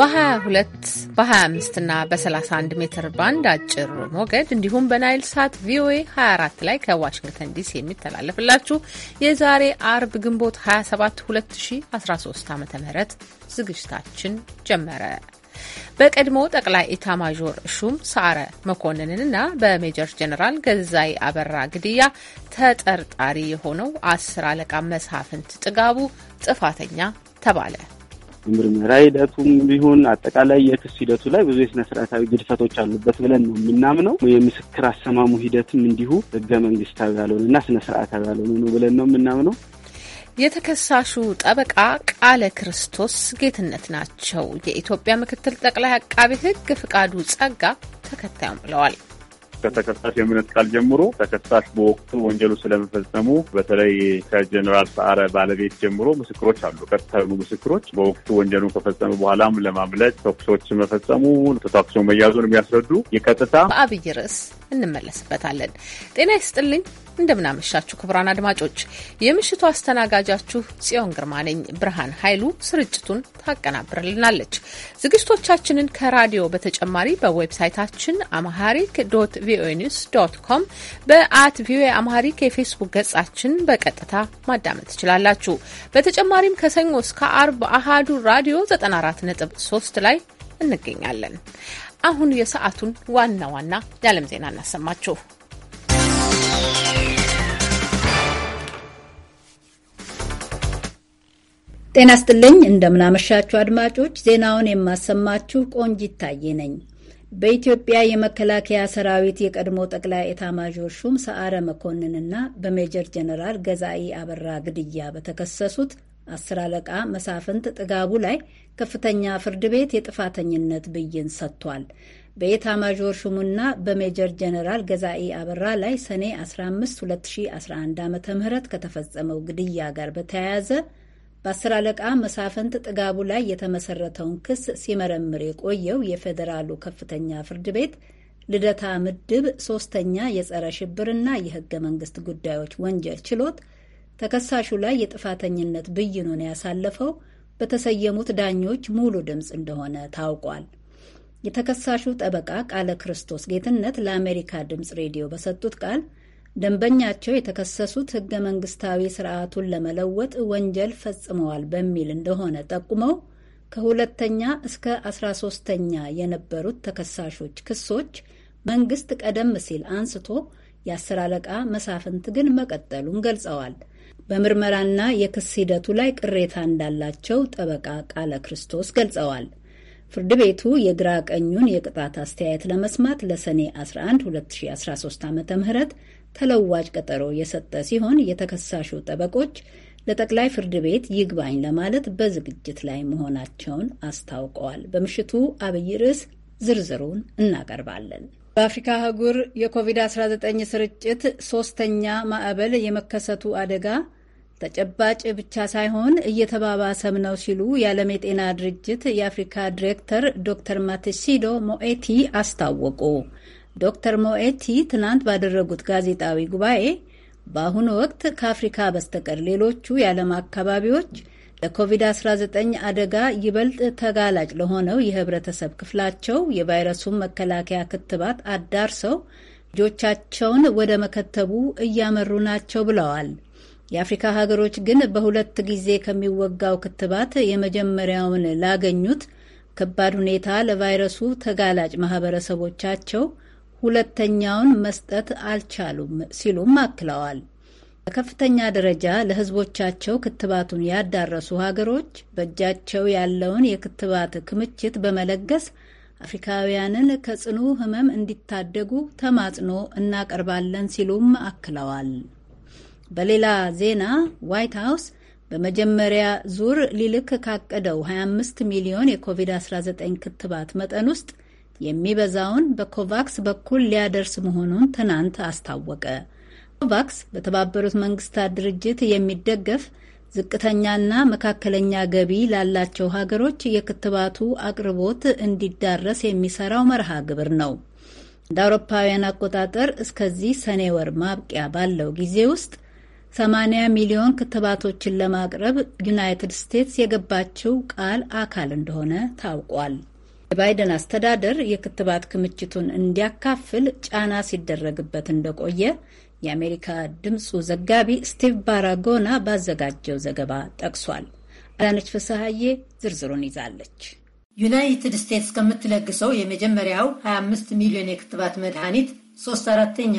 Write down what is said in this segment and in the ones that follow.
በ22 በ25 እና በ31 ሜትር ባንድ አጭር ሞገድ እንዲሁም በናይል ሳት ቪኦኤ 24 ላይ ከዋሽንግተን ዲሲ የሚተላለፍላችሁ የዛሬ አርብ ግንቦት 27 2013 ዓ ም ዝግጅታችን ጀመረ። በቀድሞ ጠቅላይ ኢታማዦር ሹም ሳረ መኮንንንና በሜጀር ጀነራል ገዛይ አበራ ግድያ ተጠርጣሪ የሆነው አስር አለቃ መሳፍንት ጥጋቡ ጥፋተኛ ተባለ። የምርመራ ሂደቱም ቢሆን አጠቃላይ የክስ ሂደቱ ላይ ብዙ የስነ ስርዓታዊ ግድፈቶች አሉበት ብለን ነው የምናምነው። የምስክር አሰማሙ ሂደትም እንዲሁ ህገ መንግስታዊ ያልሆነና ስነ ስርዓታዊ ያልሆነ ነው ብለን ነው የምናምነው። የተከሳሹ ጠበቃ ቃለ ክርስቶስ ጌትነት ናቸው። የኢትዮጵያ ምክትል ጠቅላይ አቃቤ ህግ ፍቃዱ ጸጋ ተከታዩም ብለዋል። ከተከሳሽ የእምነት ቃል ጀምሮ ተከሳሽ በወቅቱ ወንጀሉ ስለመፈጸሙ በተለይ ከጀኔራል ሰዓረ ባለቤት ጀምሮ ምስክሮች አሉ። ቀጥታ የሆኑ ምስክሮች በወቅቱ ወንጀሉን ከፈጸመ በኋላም ለማምለጥ ተኩሶች መፈጸሙ፣ ተታኩሶ መያዙን የሚያስረዱ የቀጥታ በአብይ ርዕስ እንመለስበታለን። ጤና ይስጥልኝ። እንደምናመሻችሁ ክቡራን አድማጮች፣ የምሽቱ አስተናጋጃችሁ ጽዮን ግርማ ነኝ። ብርሃን ኃይሉ ስርጭቱን ታቀናብርልናለች። ዝግጅቶቻችንን ከራዲዮ በተጨማሪ በዌብሳይታችን አምሃሪክ ዶት ቪኦኤ ኒውስ ዶት ኮም፣ በአት ቪኦኤ አምሃሪክ የፌስቡክ ገጻችን በቀጥታ ማዳመጥ ትችላላችሁ። በተጨማሪም ከሰኞ እስከ አርብ አሃዱ ራዲዮ 94.3 ላይ እንገኛለን። አሁን የሰዓቱን ዋና ዋና የዓለም ዜና እናሰማችሁ። ጤና ይስጥልኝ እንደምናመሻችሁ አድማጮች፣ ዜናውን የማሰማችሁ ቆንጅ ይታየ ነኝ። በኢትዮጵያ የመከላከያ ሰራዊት የቀድሞ ጠቅላይ ኤታማዦር ሹም ሰዓረ መኮንንና በሜጀር ጀነራል ገዛኢ አበራ ግድያ በተከሰሱት አስር አለቃ መሳፍንት ጥጋቡ ላይ ከፍተኛ ፍርድ ቤት የጥፋተኝነት ብይን ሰጥቷል። በኤታማዦር ሹሙና በሜጀር ጀነራል ገዛኢ አበራ ላይ ሰኔ 15 2011 ዓ ም ከተፈጸመው ግድያ ጋር በተያያዘ በአስር አለቃ መሳፍንት ጥጋቡ ላይ የተመሰረተውን ክስ ሲመረምር የቆየው የፌዴራሉ ከፍተኛ ፍርድ ቤት ልደታ ምድብ ሶስተኛ የጸረ ሽብርና የህገ መንግስት ጉዳዮች ወንጀል ችሎት ተከሳሹ ላይ የጥፋተኝነት ብይኑን ያሳለፈው በተሰየሙት ዳኞች ሙሉ ድምፅ እንደሆነ ታውቋል። የተከሳሹ ጠበቃ ቃለ ክርስቶስ ጌትነት ለአሜሪካ ድምፅ ሬዲዮ በሰጡት ቃል ደንበኛቸው የተከሰሱት ሕገ መንግስታዊ ስርዓቱን ለመለወጥ ወንጀል ፈጽመዋል በሚል እንደሆነ ጠቁመው ከሁለተኛ እስከ አስራ ሶስተኛ የነበሩት ተከሳሾች ክሶች መንግስት ቀደም ሲል አንስቶ የአስር አለቃ መሳፍንት ግን መቀጠሉን ገልጸዋል። በምርመራና የክስ ሂደቱ ላይ ቅሬታ እንዳላቸው ጠበቃ ቃለ ክርስቶስ ገልጸዋል። ፍርድ ቤቱ የግራ ቀኙን የቅጣት አስተያየት ለመስማት ለሰኔ 11 2013 ዓ ም ተለዋጭ ቀጠሮ የሰጠ ሲሆን የተከሳሹ ጠበቆች ለጠቅላይ ፍርድ ቤት ይግባኝ ለማለት በዝግጅት ላይ መሆናቸውን አስታውቀዋል። በምሽቱ አብይ ርዕስ ዝርዝሩን እናቀርባለን። በአፍሪካ አህጉር የኮቪድ-19 ስርጭት ሶስተኛ ማዕበል የመከሰቱ አደጋ ተጨባጭ ብቻ ሳይሆን እየተባባሰም ነው ሲሉ የዓለም የጤና ድርጅት የአፍሪካ ዲሬክተር ዶክተር ማቴሲዶ ሞኤቲ አስታወቁ። ዶክተር ሞኤቲ ትናንት ባደረጉት ጋዜጣዊ ጉባኤ በአሁኑ ወቅት ከአፍሪካ በስተቀር ሌሎቹ የዓለም አካባቢዎች ለኮቪድ-19 አደጋ ይበልጥ ተጋላጭ ለሆነው የህብረተሰብ ክፍላቸው የቫይረሱን መከላከያ ክትባት አዳርሰው ልጆቻቸውን ወደ መከተቡ እያመሩ ናቸው ብለዋል። የአፍሪካ ሀገሮች ግን በሁለት ጊዜ ከሚወጋው ክትባት የመጀመሪያውን ላገኙት ከባድ ሁኔታ ለቫይረሱ ተጋላጭ ማህበረሰቦቻቸው ሁለተኛውን መስጠት አልቻሉም ሲሉም አክለዋል። በከፍተኛ ደረጃ ለሕዝቦቻቸው ክትባቱን ያዳረሱ ሀገሮች በእጃቸው ያለውን የክትባት ክምችት በመለገስ አፍሪካውያንን ከጽኑ ህመም እንዲታደጉ ተማጽኖ እናቀርባለን ሲሉም አክለዋል። በሌላ ዜና ዋይት ሀውስ በመጀመሪያ ዙር ሊልክ ካቀደው 25 ሚሊዮን የኮቪድ-19 ክትባት መጠን ውስጥ የሚበዛውን በኮቫክስ በኩል ሊያደርስ መሆኑን ትናንት አስታወቀ። ኮቫክስ በተባበሩት መንግስታት ድርጅት የሚደገፍ ዝቅተኛና መካከለኛ ገቢ ላላቸው ሀገሮች የክትባቱ አቅርቦት እንዲዳረስ የሚሰራው መርሃ ግብር ነው። እንደ አውሮፓውያን አቆጣጠር እስከዚህ ሰኔ ወር ማብቂያ ባለው ጊዜ ውስጥ 80 ሚሊዮን ክትባቶችን ለማቅረብ ዩናይትድ ስቴትስ የገባችው ቃል አካል እንደሆነ ታውቋል። የባይደን አስተዳደር የክትባት ክምችቱን እንዲያካፍል ጫና ሲደረግበት እንደቆየ የአሜሪካ ድምፁ ዘጋቢ ስቲቭ ባራጎና ባዘጋጀው ዘገባ ጠቅሷል። አዳነች ፍስሐዬ ዝርዝሩን ይዛለች። ዩናይትድ ስቴትስ ከምትለግሰው የመጀመሪያው 25 ሚሊዮን የክትባት መድኃኒት ሶስት አራተኛ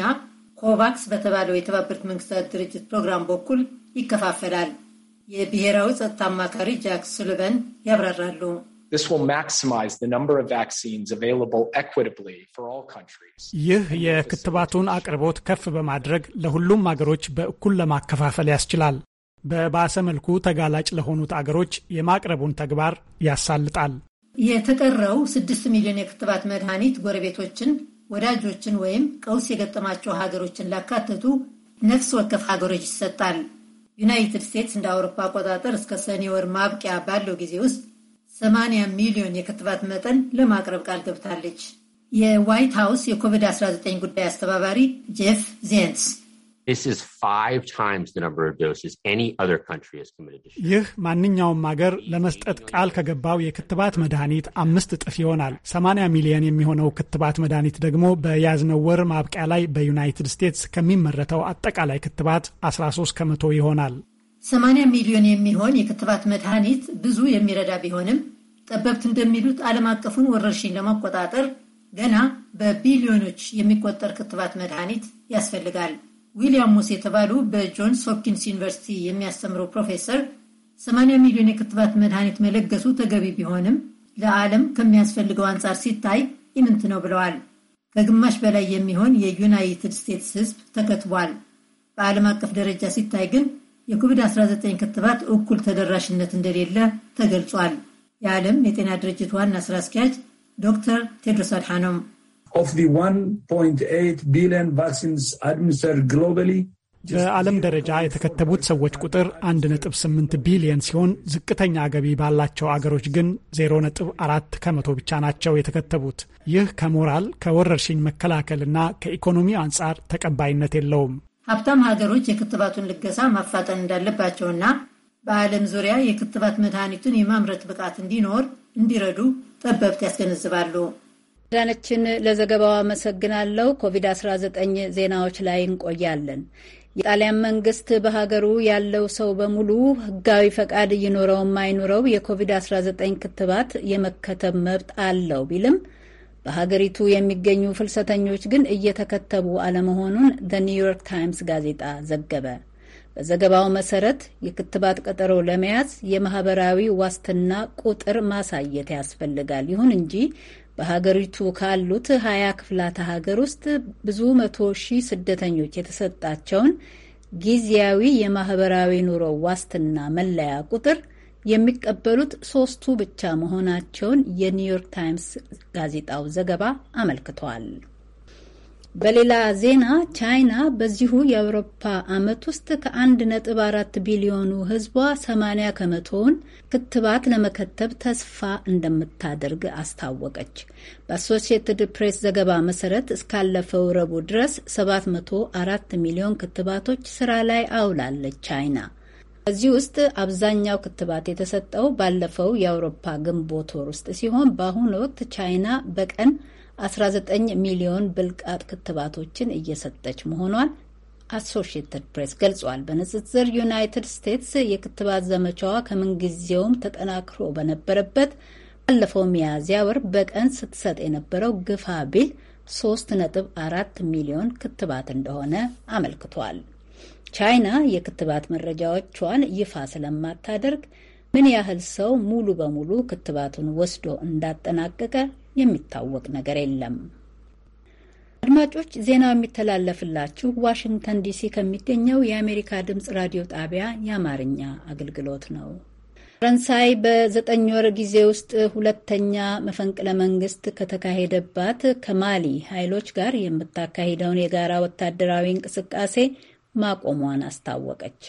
ኮቫክስ በተባለው የተባበሩት መንግስታት ድርጅት ፕሮግራም በኩል ይከፋፈላል። የብሔራዊ ጸጥታ አማካሪ ጃክ ሱሊቫን ያብራራሉ። This will maximize the number of vaccines available equitably for all countries. ይህ የክትባቱን አቅርቦት ከፍ በማድረግ ለሁሉም አገሮች በእኩል ለማከፋፈል ያስችላል። በባሰ መልኩ ተጋላጭ ለሆኑት አገሮች የማቅረቡን ተግባር ያሳልጣል። የተቀረው ስድስት ሚሊዮን የክትባት መድኃኒት ጎረቤቶችን፣ ወዳጆችን ወይም ቀውስ የገጠማቸው ሀገሮችን ላካተቱ ነፍስ ወከፍ ሀገሮች ይሰጣል። ዩናይትድ ስቴትስ እንደ አውሮፓ አቆጣጠር እስከ ሰኔ ወር ማብቂያ ባለው ጊዜ ውስጥ 80 ሚሊዮን የክትባት መጠን ለማቅረብ ቃል ገብታለች። የዋይት ሃውስ የኮቪድ-19 ጉዳይ አስተባባሪ ጄፍ ዜንስ ይህ ማንኛውም ሀገር ለመስጠት ቃል ከገባው የክትባት መድኃኒት አምስት እጥፍ ይሆናል። 80 ሚሊዮን የሚሆነው ክትባት መድኃኒት ደግሞ በያዝነው ወር ማብቂያ ላይ በዩናይትድ ስቴትስ ከሚመረተው አጠቃላይ ክትባት 13 ከመቶ ይሆናል። 80 ሚሊዮን የሚሆን የክትባት መድኃኒት ብዙ የሚረዳ ቢሆንም ጠበብት እንደሚሉት ዓለም አቀፉን ወረርሽኝ ለመቆጣጠር ገና በቢሊዮኖች የሚቆጠር ክትባት መድኃኒት ያስፈልጋል። ዊሊያም ሞስ የተባሉ በጆንስ ሆፕኪንስ ዩኒቨርሲቲ የሚያስተምረው ፕሮፌሰር 80 ሚሊዮን የክትባት መድኃኒት መለገሱ ተገቢ ቢሆንም ለዓለም ከሚያስፈልገው አንጻር ሲታይ ይምንት ነው ብለዋል። ከግማሽ በላይ የሚሆን የዩናይትድ ስቴትስ ሕዝብ ተከትቧል። በዓለም አቀፍ ደረጃ ሲታይ ግን የኮቪድ-19 ክትባት እኩል ተደራሽነት እንደሌለ ተገልጿል። የዓለም የጤና ድርጅት ዋና ስራ አስኪያጅ ዶክተር ቴድሮስ አድሓኖም በዓለም ደረጃ የተከተቡት ሰዎች ቁጥር 1.8 ቢሊየን ሲሆን ዝቅተኛ ገቢ ባላቸው አገሮች ግን 0.4 ከመቶ ብቻ ናቸው የተከተቡት። ይህ ከሞራል ከወረርሽኝ መከላከልና ከኢኮኖሚ አንጻር ተቀባይነት የለውም። ሀብታም ሀገሮች የክትባቱን ልገሳ ማፋጠን እንዳለባቸውና በዓለም ዙሪያ የክትባት መድኃኒቱን የማምረት ብቃት እንዲኖር እንዲረዱ ጠበብት ያስገነዝባሉ። ዳነችን ለዘገባው አመሰግናለሁ። ኮቪድ-19 ዜናዎች ላይ እንቆያለን። የጣሊያን መንግስት በሀገሩ ያለው ሰው በሙሉ ህጋዊ ፈቃድ ይኑረውም አይኑረው የኮቪድ-19 ክትባት የመከተብ መብት አለው ቢልም በሀገሪቱ የሚገኙ ፍልሰተኞች ግን እየተከተቡ አለመሆኑን ዘ ኒውዮርክ ታይምስ ጋዜጣ ዘገበ። በዘገባው መሰረት የክትባት ቀጠሮ ለመያዝ የማህበራዊ ዋስትና ቁጥር ማሳየት ያስፈልጋል። ይሁን እንጂ በሀገሪቱ ካሉት ሀያ ክፍላተ ሀገር ውስጥ ብዙ መቶ ሺህ ስደተኞች የተሰጣቸውን ጊዜያዊ የማህበራዊ ኑሮ ዋስትና መለያ ቁጥር የሚቀበሉት ሶስቱ ብቻ መሆናቸውን የኒውዮርክ ታይምስ ጋዜጣው ዘገባ አመልክቷል። በሌላ ዜና ቻይና በዚሁ የአውሮፓ ዓመት ውስጥ ከአንድ ነጥብ አራት ቢሊዮኑ ሕዝቧ 80 ከመቶውን ክትባት ለመከተብ ተስፋ እንደምታደርግ አስታወቀች። በአሶሲየትድ ፕሬስ ዘገባ መሰረት እስካለፈው ረቡዕ ድረስ 704 ሚሊዮን ክትባቶች ስራ ላይ አውላለች ቻይና ከዚህ ውስጥ አብዛኛው ክትባት የተሰጠው ባለፈው የአውሮፓ ግንቦት ወር ውስጥ ሲሆን በአሁኑ ወቅት ቻይና በቀን 19 ሚሊዮን ብልቃጥ ክትባቶችን እየሰጠች መሆኗን አሶሽየትድ ፕሬስ ገልጿል። በንጽጽር ዩናይትድ ስቴትስ የክትባት ዘመቻዋ ከምንጊዜውም ተጠናክሮ በነበረበት ባለፈው ሚያዝያ ወር በቀን ስትሰጥ የነበረው ግፋ ቢል 3.4 ሚሊዮን ክትባት እንደሆነ አመልክቷል። ቻይና የክትባት መረጃዎቿን ይፋ ስለማታደርግ ምን ያህል ሰው ሙሉ በሙሉ ክትባቱን ወስዶ እንዳጠናቀቀ የሚታወቅ ነገር የለም። አድማጮች ዜናው የሚተላለፍላችሁ ዋሽንግተን ዲሲ ከሚገኘው የአሜሪካ ድምፅ ራዲዮ ጣቢያ የአማርኛ አገልግሎት ነው። ፈረንሳይ በዘጠኝ ወር ጊዜ ውስጥ ሁለተኛ መፈንቅለ መንግስት ከተካሄደባት ከማሊ ኃይሎች ጋር የምታካሂደውን የጋራ ወታደራዊ እንቅስቃሴ ማቆሟን አስታወቀች።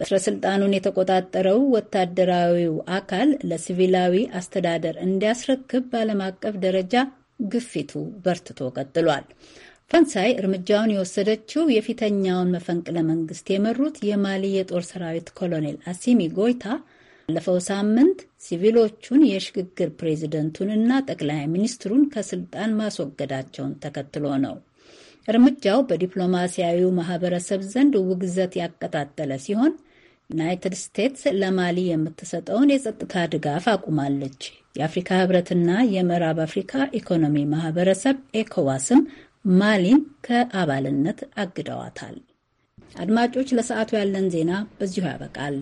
በስረስልጣኑን የተቆጣጠረው ወታደራዊው አካል ለሲቪላዊ አስተዳደር እንዲያስረክብ በዓለም አቀፍ ደረጃ ግፊቱ በርትቶ ቀጥሏል። ፈረንሳይ እርምጃውን የወሰደችው የፊተኛውን መፈንቅለ መንግስት የመሩት የማሊ የጦር ሰራዊት ኮሎኔል አሲሚ ጎይታ ባለፈው ሳምንት ሲቪሎቹን የሽግግር ፕሬዚደንቱንና ጠቅላይ ሚኒስትሩን ከስልጣን ማስወገዳቸውን ተከትሎ ነው። እርምጃው በዲፕሎማሲያዊው ማህበረሰብ ዘንድ ውግዘት ያቀጣጠለ ሲሆን ዩናይትድ ስቴትስ ለማሊ የምትሰጠውን የጸጥታ ድጋፍ አቁማለች። የአፍሪካ ህብረትና የምዕራብ አፍሪካ ኢኮኖሚ ማህበረሰብ ኤኮዋስም ማሊን ከአባልነት አግደዋታል። አድማጮች፣ ለሰዓቱ ያለን ዜና በዚሁ ያበቃል።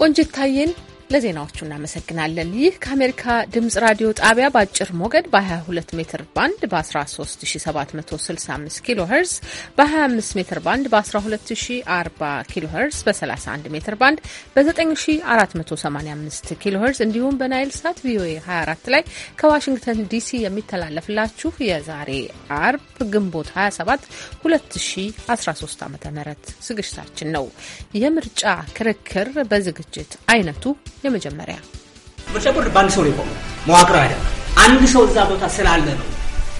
ቆንጅት ታዬን ለዜናዎቹ እናመሰግናለን። ይህ ከአሜሪካ ድምጽ ራዲዮ ጣቢያ በአጭር ሞገድ በ22 ሜትር ባንድ በ13765 ኪሎ ሄርዝ፣ በ25 ሜትር ባንድ በ1240 ኪሎ ሄርዝ፣ በ31 ሜትር ባንድ በ9485 ኪሎ ሄርዝ እንዲሁም በናይል ሳት ቪኦኤ 24 ላይ ከዋሽንግተን ዲሲ የሚተላለፍላችሁ የዛሬ አርብ ግንቦት 27 2013 ዓ ም ዝግጅታችን ነው። የምርጫ ክርክር በዝግጅት አይነቱ የመጀመሪያ ምርጫ ቦርድ በአንድ ሰው ነው የቆመው። መዋቅር አይደለም። አንድ ሰው እዛ ቦታ ስላለ ነው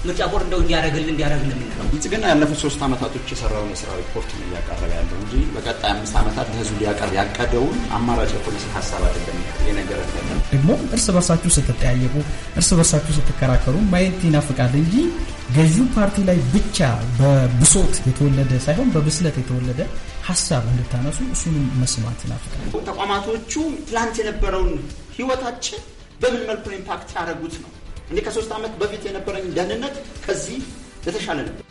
ምርጫ ቦርድ እንደው እንዲያደረግልን እንዲያደረግልን የምንለው ብልጽግና ያለፉት ሶስት ዓመታቶች የሰራውን የስራ ሪፖርት ነው እያቀረበ ያለው እንጂ በቀጣይ አምስት ዓመታት ለህዝቡ ሊያቀርብ ያቀደውን አማራጭ የፖሊሲ ሀሳብ ሀሳባት የነገረ ደግሞ እርስ በርሳችሁ ስትጠያየቁ፣ እርስ በርሳችሁ ስትከራከሩ ማየት ይናፍቃል እንጂ ገዢው ፓርቲ ላይ ብቻ በብሶት የተወለደ ሳይሆን በብስለት የተወለደ ሀሳብ እንድታነሱ እሱንም መስማት ይናፍቃል። ተቋማቶቹ ትላንት የነበረውን ህይወታችን በምን መልኩ ኢምፓክት ያደረጉት ነው። እንዲህ ከሶስት ዓመት በፊት የነበረኝ ደህንነት ከዚህ የተሻለ ነበር።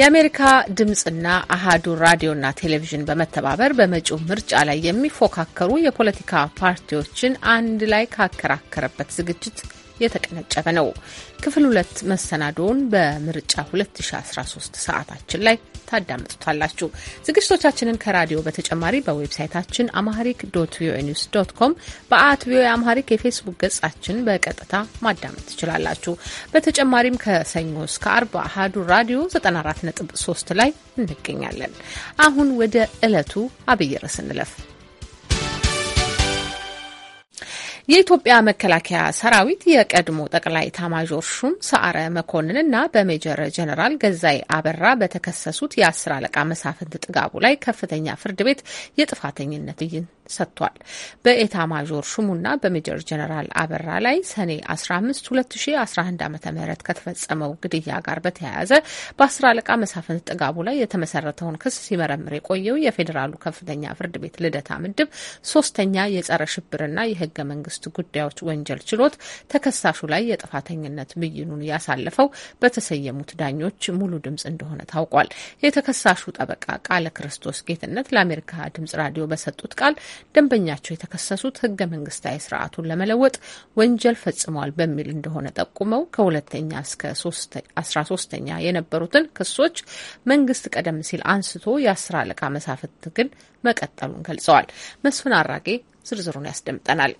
የአሜሪካ ድምፅና አሃዱ ራዲዮና ቴሌቪዥን በመተባበር በመጪው ምርጫ ላይ የሚፎካከሩ የፖለቲካ ፓርቲዎችን አንድ ላይ ካከራከረበት ዝግጅት የተቀነጨበ ነው። ክፍል ሁለት መሰናዶውን በምርጫ 2013 ሰዓታችን ላይ ታዳምጡታላችሁ። ዝግጅቶቻችንን ከራዲዮ በተጨማሪ በዌብሳይታችን አማሪክ ዶት ቪኦኤ ኒውስ ዶት ኮም፣ በአት ቪኦኤ አማሪክ የፌስቡክ ገጻችን በቀጥታ ማዳመጥ ትችላላችሁ። በተጨማሪም ከሰኞ እስከ አርብ አሀዱ ራዲዮ 94.3 ላይ እንገኛለን። አሁን ወደ ዕለቱ አብይ ርዕስ እንለፍ። የኢትዮጵያ መከላከያ ሰራዊት የቀድሞ ጠቅላይ ታማዦር ሹም ሰዓረ መኮንን እና በሜጀር ጀነራል ገዛይ አበራ በተከሰሱት የአስር አለቃ መሳፍንት ጥጋቡ ላይ ከፍተኛ ፍርድ ቤት የጥፋተኝነት ብይን ሰጥቷል። በኤታ ማዦር ሹሙና በሜጀር ጀነራል አበራ ላይ ሰኔ 15 2011 ዓ ም ከተፈጸመው ግድያ ጋር በተያያዘ በአስር አለቃ መሳፍንት ጥጋቡ ላይ የተመሰረተውን ክስ ሲመረምር የቆየው የፌዴራሉ ከፍተኛ ፍርድ ቤት ልደታ ምድብ ሶስተኛ የጸረ ሽብርና የህገ መንግስት ጉዳዮች ወንጀል ችሎት ተከሳሹ ላይ የጥፋተኝነት ብይኑን ያሳለፈው በተሰየሙት ዳኞች ሙሉ ድምጽ እንደሆነ ታውቋል። የተከሳሹ ጠበቃ ቃለ ክርስቶስ ጌትነት ለአሜሪካ ድምጽ ራዲዮ በሰጡት ቃል ደንበኛቸው የተከሰሱት ህገ መንግስታዊ ስርዓቱን ለመለወጥ ወንጀል ፈጽሟል በሚል እንደሆነ ጠቁመው ከሁለተኛ እስከ አስራ ሶስተኛ የነበሩትን ክሶች መንግስት ቀደም ሲል አንስቶ የአስር አለቃ መሳፍንት ግን መቀጠሉን ገልጸዋል። መስፍን አራጌ ዝርዝሩን ያስደምጠናል።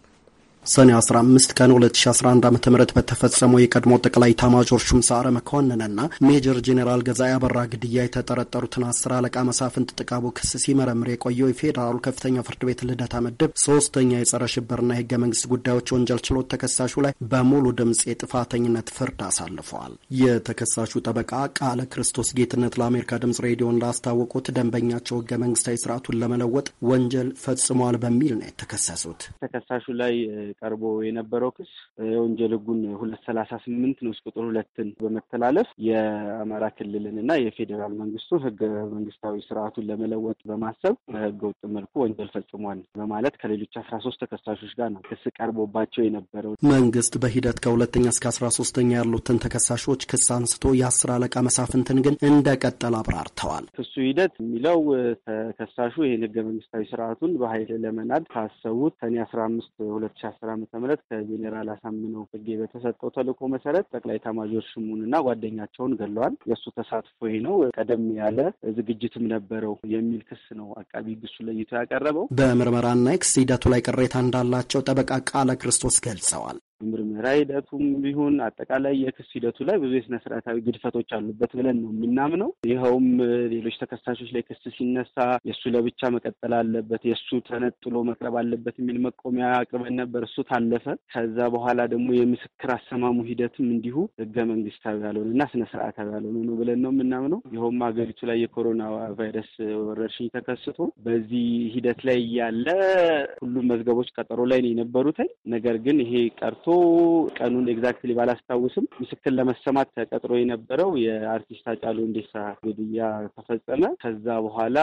ሰኔ 15 ቀን 2011 ዓ ም በተፈጸመው የቀድሞ ጠቅላይ ኤታማዦር ሹም ሰዓረ መኮንንና ሜጀር ጄኔራል ገዛ አበራ ግድያ የተጠረጠሩትን አስር አለቃ መሳፍንት ጥቃቡ ክስ ሲመረምር የቆየው የፌዴራሉ ከፍተኛ ፍርድ ቤት ልደታ ምድብ ሶስተኛ የጸረ ሽብርና የህገ መንግስት ጉዳዮች ወንጀል ችሎት ተከሳሹ ላይ በሙሉ ድምፅ የጥፋተኝነት ፍርድ አሳልፈዋል። የተከሳሹ ጠበቃ ቃለ ክርስቶስ ጌትነት ለአሜሪካ ድምፅ ሬዲዮ እንዳስታወቁት ደንበኛቸው ህገ መንግስታዊ ስርዓቱን ለመለወጥ ወንጀል ፈጽመዋል በሚል ነው የተከሰሱት። ተከሳሹ ላይ ቀርቦ የነበረው ክስ የወንጀል ህጉን ሁለት ሰላሳ ስምንት ንዑስ ቁጥር ሁለትን በመተላለፍ የአማራ ክልልን እና የፌዴራል መንግስቱን ህገ መንግስታዊ ስርዓቱን ለመለወጥ በማሰብ በህገ ወጥ መልኩ ወንጀል ፈጽሟል በማለት ከሌሎች አስራ ሶስት ተከሳሾች ጋር ነው ክስ ቀርቦባቸው የነበረው። መንግስት በሂደት ከሁለተኛ እስከ አስራ ሶስተኛ ያሉትን ተከሳሾች ክስ አንስቶ የአስር አለቃ መሳፍንትን ግን እንደቀጠል አብራርተዋል። ክሱ ሂደት የሚለው ተከሳሹ ይህን ህገ መንግስታዊ ስርዓቱን በኃይል ለመናድ ካሰቡት ሰኔ አስራ አምስት ሁለት ሺ አስር ዓመተ ምህረት ከጄኔራል አሳምነው ጽጌ በተሰጠው ተልዕኮ መሰረት ጠቅላይ ኤታማዦር ሹሙንና ጓደኛቸውን ገለዋል የእሱ ተሳትፎ ነው፣ ቀደም ያለ ዝግጅትም ነበረው የሚል ክስ ነው አቃቢ ግሱ ለይቶ ያቀረበው። በምርመራና ክስ ሂደቱ ላይ ቅሬታ እንዳላቸው ጠበቃ ቃለ ክርስቶስ ገልጸዋል። ምርምራ ሂደቱም ቢሆን አጠቃላይ የክስ ሂደቱ ላይ ብዙ የስነ ስርዓታዊ ግድፈቶች አሉበት ብለን ነው የምናምነው። ይኸውም ሌሎች ተከሳሾች ላይ ክስ ሲነሳ የእሱ ለብቻ መቀጠል አለበት፣ የእሱ ተነጥሎ መቅረብ አለበት የሚል መቆሚያ አቅርበን ነበር። እሱ ታለፈ። ከዛ በኋላ ደግሞ የምስክር አሰማሙ ሂደትም እንዲሁ ህገ መንግስታዊ ያልሆነ እና ስነ ስርዓታዊ ያልሆነ ነው ብለን ነው የምናምነው። ይኸውም ሀገሪቱ ላይ የኮሮና ቫይረስ ወረርሽኝ ተከስቶ በዚህ ሂደት ላይ ያለ ሁሉም መዝገቦች ቀጠሮ ላይ ነው የነበሩት። ነገር ግን ይሄ ቀርቶ ቀኑን ኤግዛክትሊ ባላስታውስም ምስክር ለመሰማት ተቀጥሮ የነበረው የአርቲስት አጫሉ ሁንዴሳ ግድያ ተፈጸመ። ከዛ በኋላ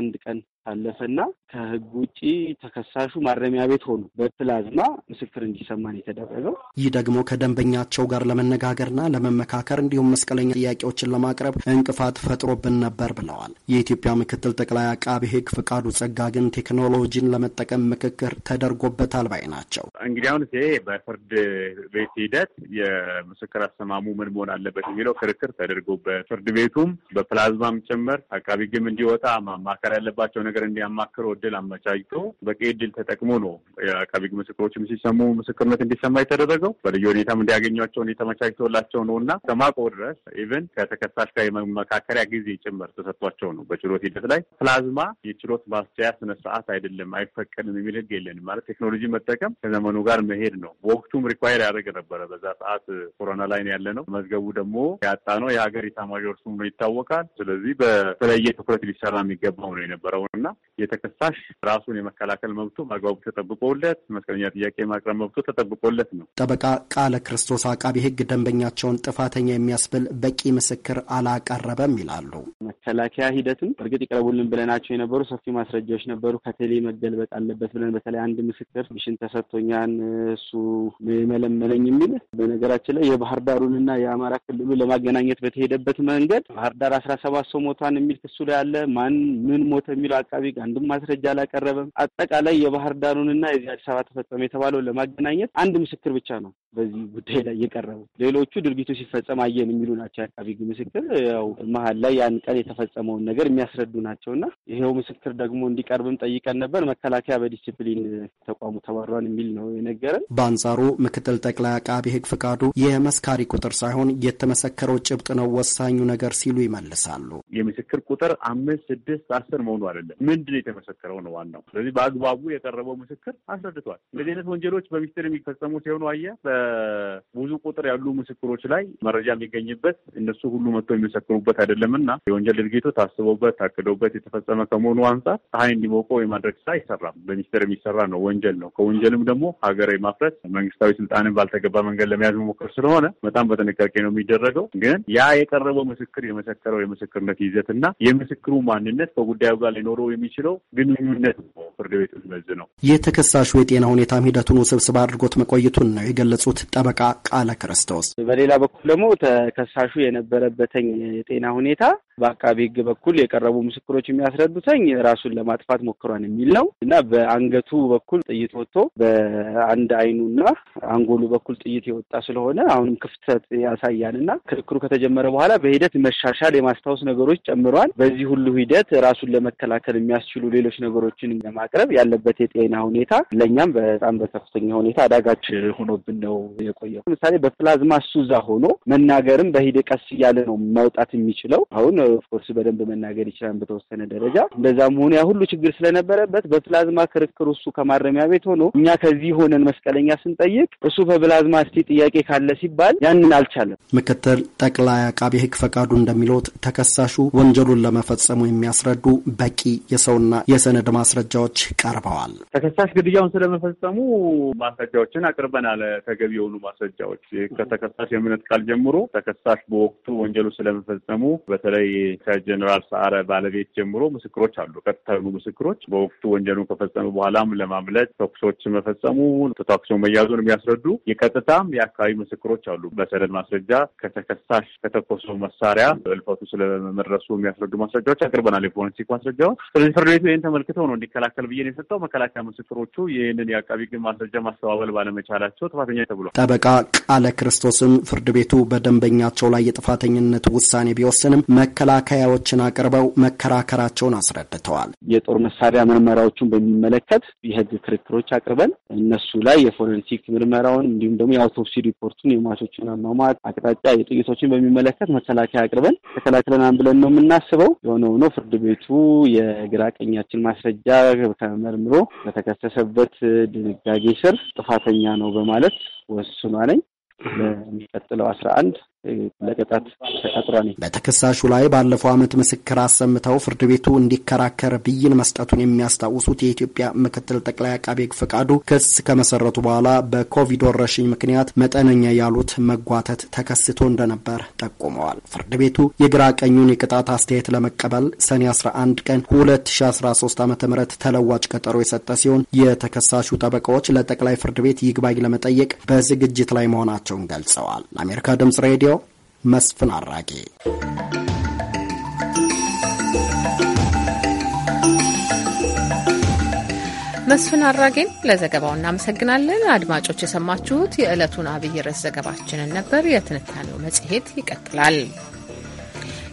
አንድ ቀን አለፈና ከህግ ውጭ ተከሳሹ ማረሚያ ቤት ሆኑ በፕላዝማ ምስክር እንዲሰማን የተደረገው። ይህ ደግሞ ከደንበኛቸው ጋር ለመነጋገርና ለመመካከር እንዲሁም መስቀለኛ ጥያቄዎችን ለማቅረብ እንቅፋት ፈጥሮብን ነበር ብለዋል። የኢትዮጵያ ምክትል ጠቅላይ አቃቢ ህግ ፍቃዱ ጸጋ ግን ቴክኖሎጂን ለመጠቀም ምክክር ተደርጎበታል ባይ ናቸው። እንግዲህ አሁን ይሄ በፍርድ ቤት ሂደት የምስክር አሰማሙ ምን መሆን አለበት የሚለው ክርክር ተደርጎበት ፍርድ ቤቱም በፕላዝማም ጭምር አቃቢ ህግም እንዲወጣ ማማከር ያለባቸው ነገር እንዲያማክሩ እድል አመቻችቶ በቂ እድል ተጠቅሞ ነው የአቃቤ ሕግ ምስክሮችም ሲሰሙ ምስክርነት እንዲሰማ የተደረገው በልዩ ሁኔታም እንዲያገኟቸው የተመቻችቶላቸው ነው እና ከማቆ ድረስ ኢቨን ከተከሳሽ ጋር የመመካከሪያ ጊዜ ጭምር ተሰጥቷቸው ነው። በችሎት ሂደት ላይ ፕላዝማ የችሎት ማስቻያ ስነስርዓት አይደለም፣ አይፈቀድም የሚል ህግ የለንም። ማለት ቴክኖሎጂ መጠቀም ከዘመኑ ጋር መሄድ ነው። በወቅቱም ሪኳየር ያደርግ ነበረ። በዛ ሰዓት ኮሮና ላይ ያለ ነው። መዝገቡ ደግሞ ያጣ ነው። የሀገር ኢታማዦር ነው ይታወቃል። ስለዚህ በተለየ ትኩረት ሊሰራ የሚገባው ነው የነበረው እና የተከሳሽ ራሱን የመከላከል መብቱ በአግባቡ ተጠብቆለት መስቀለኛ ጥያቄ ማቅረብ መብቱ ተጠብቆለት ነው። ጠበቃ ቃለ ክርስቶስ አቃቢ ሕግ ደንበኛቸውን ጥፋተኛ የሚያስብል በቂ ምስክር አላቀረበም ይላሉ። መከላከያ ሂደትም እርግጥ ይቅረቡልን ብለናቸው የነበሩ ሰፊ ማስረጃዎች ነበሩ። ከቴሌ መገልበጥ አለበት ብለን በተለይ አንድ ምስክር ሽን ተሰጥቶኛን እሱ የመለመለኝ የሚል በነገራችን ላይ የባህር ዳሩንና የአማራ ክልሉ ለማገናኘት በተሄደበት መንገድ ባህር ዳር አስራ ሰባት ሰው ሞቷን የሚል ክሱ ላይ አለ። ማን ምን ሞተ የሚለው አቃቢ አንድም ማስረጃ አላቀረበም። አጠቃላይ የባህር ዳሩንና የዚህ አዲስ አበባ ተፈጸመ የተባለውን ለማገናኘት አንድ ምስክር ብቻ ነው በዚህ ጉዳይ ላይ የቀረቡ ሌሎቹ ድርጊቱ ሲፈጸም አየን የሚሉ ናቸው። የአቃቢ ምስክር ያው መሀል ላይ ያን ቀን የተፈጸመውን ነገር የሚያስረዱ ናቸውና ይሄው ምስክር ደግሞ እንዲቀርብም ጠይቀን ነበር። መከላከያ በዲሲፕሊን ተቋሙ ተባሯል የሚል ነው የነገረን። በአንጻሩ ምክትል ጠቅላይ አቃቢ ህግ ፍቃዱ የመስካሪ ቁጥር ሳይሆን የተመሰከረው ጭብጥ ነው ወሳኙ ነገር ሲሉ ይመልሳሉ። የምስክር ቁጥር አምስት ስድስት አስር መሆኑ አይደለም ምንድን የተመሰከረው ነው ዋናው። ስለዚህ በአግባቡ የቀረበው ምስክር አስረድቷል። እንደዚህ አይነት ወንጀሎች በሚስጥር የሚፈጸሙ ሲሆኑ አየህ፣ በብዙ ቁጥር ያሉ ምስክሮች ላይ መረጃ የሚገኝበት እነሱ ሁሉ መጥቶ የሚመሰክሩበት አይደለም እና የወንጀል ድርጊቱ ታስቦበት ታቅዶበት የተፈጸመ ከመሆኑ አንጻር ፀሐይ እንዲሞቀው የማድረግ ስራ አይሰራም። በሚስጥር የሚሰራ ነው፣ ወንጀል ነው። ከወንጀልም ደግሞ ሀገራዊ ማፍረት መንግስታዊ ስልጣንን ባልተገባ መንገድ ለመያዝ መሞከር ስለሆነ በጣም በጥንቃቄ ነው የሚደረገው። ግን ያ የቀረበው ምስክር የመሰከረው የምስክርነት ይዘት እና የምስክሩ ማንነት ከጉዳዩ ጋር ሊኖረው የሚችለው ግንኙነት ነው። ፍርድ ቤት የሚመዝ ነው። የተከሳሹ የጤና ሁኔታም ሂደቱን ውስብስብ አድርጎት መቆየቱን ነው የገለጹት ጠበቃ ቃለ ክርስቶስ። በሌላ በኩል ደግሞ ተከሳሹ የነበረበትኝ የጤና ሁኔታ በአቃቢ ህግ በኩል የቀረቡ ምስክሮች የሚያስረዱተኝ ራሱን ለማጥፋት ሞክሯን የሚል ነው እና በአንገቱ በኩል ጥይት ወጥቶ በአንድ አይኑና አንጎሉ በኩል ጥይት የወጣ ስለሆነ አሁንም ክፍተት ያሳያን እና ክርክሩ ከተጀመረ በኋላ በሂደት መሻሻል የማስታወስ ነገሮች ጨምሯል። በዚህ ሁሉ ሂደት ራሱን ለመከላከል የሚያስችሉ ሌሎች ነገሮችን ለማቅረብ ያለበት የጤና ሁኔታ ለእኛም በጣም በከፍተኛ ሁኔታ አዳጋች ሆኖብን ነው የቆየው። ለምሳሌ በፕላዝማ ሱዛ ሆኖ መናገርም በሂደት ቀስ እያለ ነው መውጣት የሚችለው አሁን ኦፍኮርስ በደንብ መናገር ይችላል በተወሰነ ደረጃ። እንደዛም ሆኖ ያ ሁሉ ችግር ስለነበረበት በፕላዝማ ክርክር እሱ ከማረሚያ ቤት ሆኖ እኛ ከዚህ ሆነን መስቀለኛ ስንጠይቅ እሱ በፕላዝማ እስቲ ጥያቄ ካለ ሲባል ያንን አልቻለም። ምክትል ጠቅላይ አቃቢ ህግ ፈቃዱ እንደሚሉት ተከሳሹ ወንጀሉን ለመፈጸሙ የሚያስረዱ በቂ የሰውና የሰነድ ማስረጃዎች ቀርበዋል። ተከሳሽ ግድያውን ስለመፈጸሙ ማስረጃዎችን አቅርበናል። ተገቢ የሆኑ ማስረጃዎች ከተከሳሽ የእምነት ቃል ጀምሮ ተከሳሽ በወቅቱ ወንጀሉ ስለመፈጸሙ በተለይ ከጀኔራል ሰዓረ ባለቤት ጀምሮ ምስክሮች አሉ። ቀጥታ ያሉ ምስክሮች በወቅቱ ወንጀሉን ከፈጸሙ በኋላም ለማምለጥ ተኩሶች መፈጸሙ ተኩሶ መያዙን የሚያስረዱ የቀጥታም የአካባቢ ምስክሮች አሉ። በሰነድ ማስረጃ ከተከሳሽ ከተኮሰው መሳሪያ እልፈቱ ስለመድረሱ የሚያስረዱ ማስረጃዎች አቅርበናል፣ የፎረንሲክ ማስረጃዎች። ስለዚህ ፍርድ ቤቱ ይህን ተመልክተው ነው እንዲከላከል ብዬ ነው የሰጠው። መከላከያ ምስክሮቹ ይህንን የአቃቢ ግን ማስረጃ ማስተባበል ባለመቻላቸው ጥፋተኛ ተብሏል። ጠበቃ ቃለ ክርስቶስም ፍርድ ቤቱ በደንበኛቸው ላይ የጥፋተኝነት ውሳኔ ቢወስንም መከ መከላከያዎችን አቅርበው መከራከራቸውን አስረድተዋል። የጦር መሳሪያ ምርመራዎቹን በሚመለከት የህግ ክርክሮች አቅርበን እነሱ ላይ የፎረንሲክ ምርመራውን እንዲሁም ደግሞ የአውቶፕሲ ሪፖርቱን የሟቾችን አሟሟት አቅጣጫ፣ የጥይቶችን በሚመለከት መከላከያ አቅርበን ተከላክለናል ብለን ነው የምናስበው። የሆነ ሆኖ ፍርድ ቤቱ የግራ ቀኛችን ማስረጃ ተመርምሮ በተከሰሰበት ድንጋጌ ስር ጥፋተኛ ነው በማለት ወስኗ ነኝ ለሚቀጥለው አስራ አንድ ለቅጣት ተቀጥሯል። በተከሳሹ ላይ ባለፈው ዓመት ምስክር አሰምተው ፍርድ ቤቱ እንዲከራከር ብይን መስጠቱን የሚያስታውሱት የኢትዮጵያ ምክትል ጠቅላይ አቃቤ ሕግ ፈቃዱ ክስ ከመሰረቱ በኋላ በኮቪድ ወረርሽኝ ምክንያት መጠነኛ ያሉት መጓተት ተከስቶ እንደነበር ጠቁመዋል። ፍርድ ቤቱ የግራ ቀኙን የቅጣት አስተያየት ለመቀበል ሰኔ 11 ቀን 2013 ዓ ም ተለዋጭ ቀጠሮ የሰጠ ሲሆን የተከሳሹ ጠበቃዎች ለጠቅላይ ፍርድ ቤት ይግባኝ ለመጠየቅ በዝግጅት ላይ መሆናቸውን ገልጸዋል። ለአሜሪካ ድምጽ ሬዲዮ መስፍን አራጌ መስፍን አራጌን ለዘገባው እናመሰግናለን። አድማጮች የሰማችሁት የዕለቱን አብይ ርዕስ ዘገባችንን ነበር። የትንታኔው መጽሔት ይቀጥላል።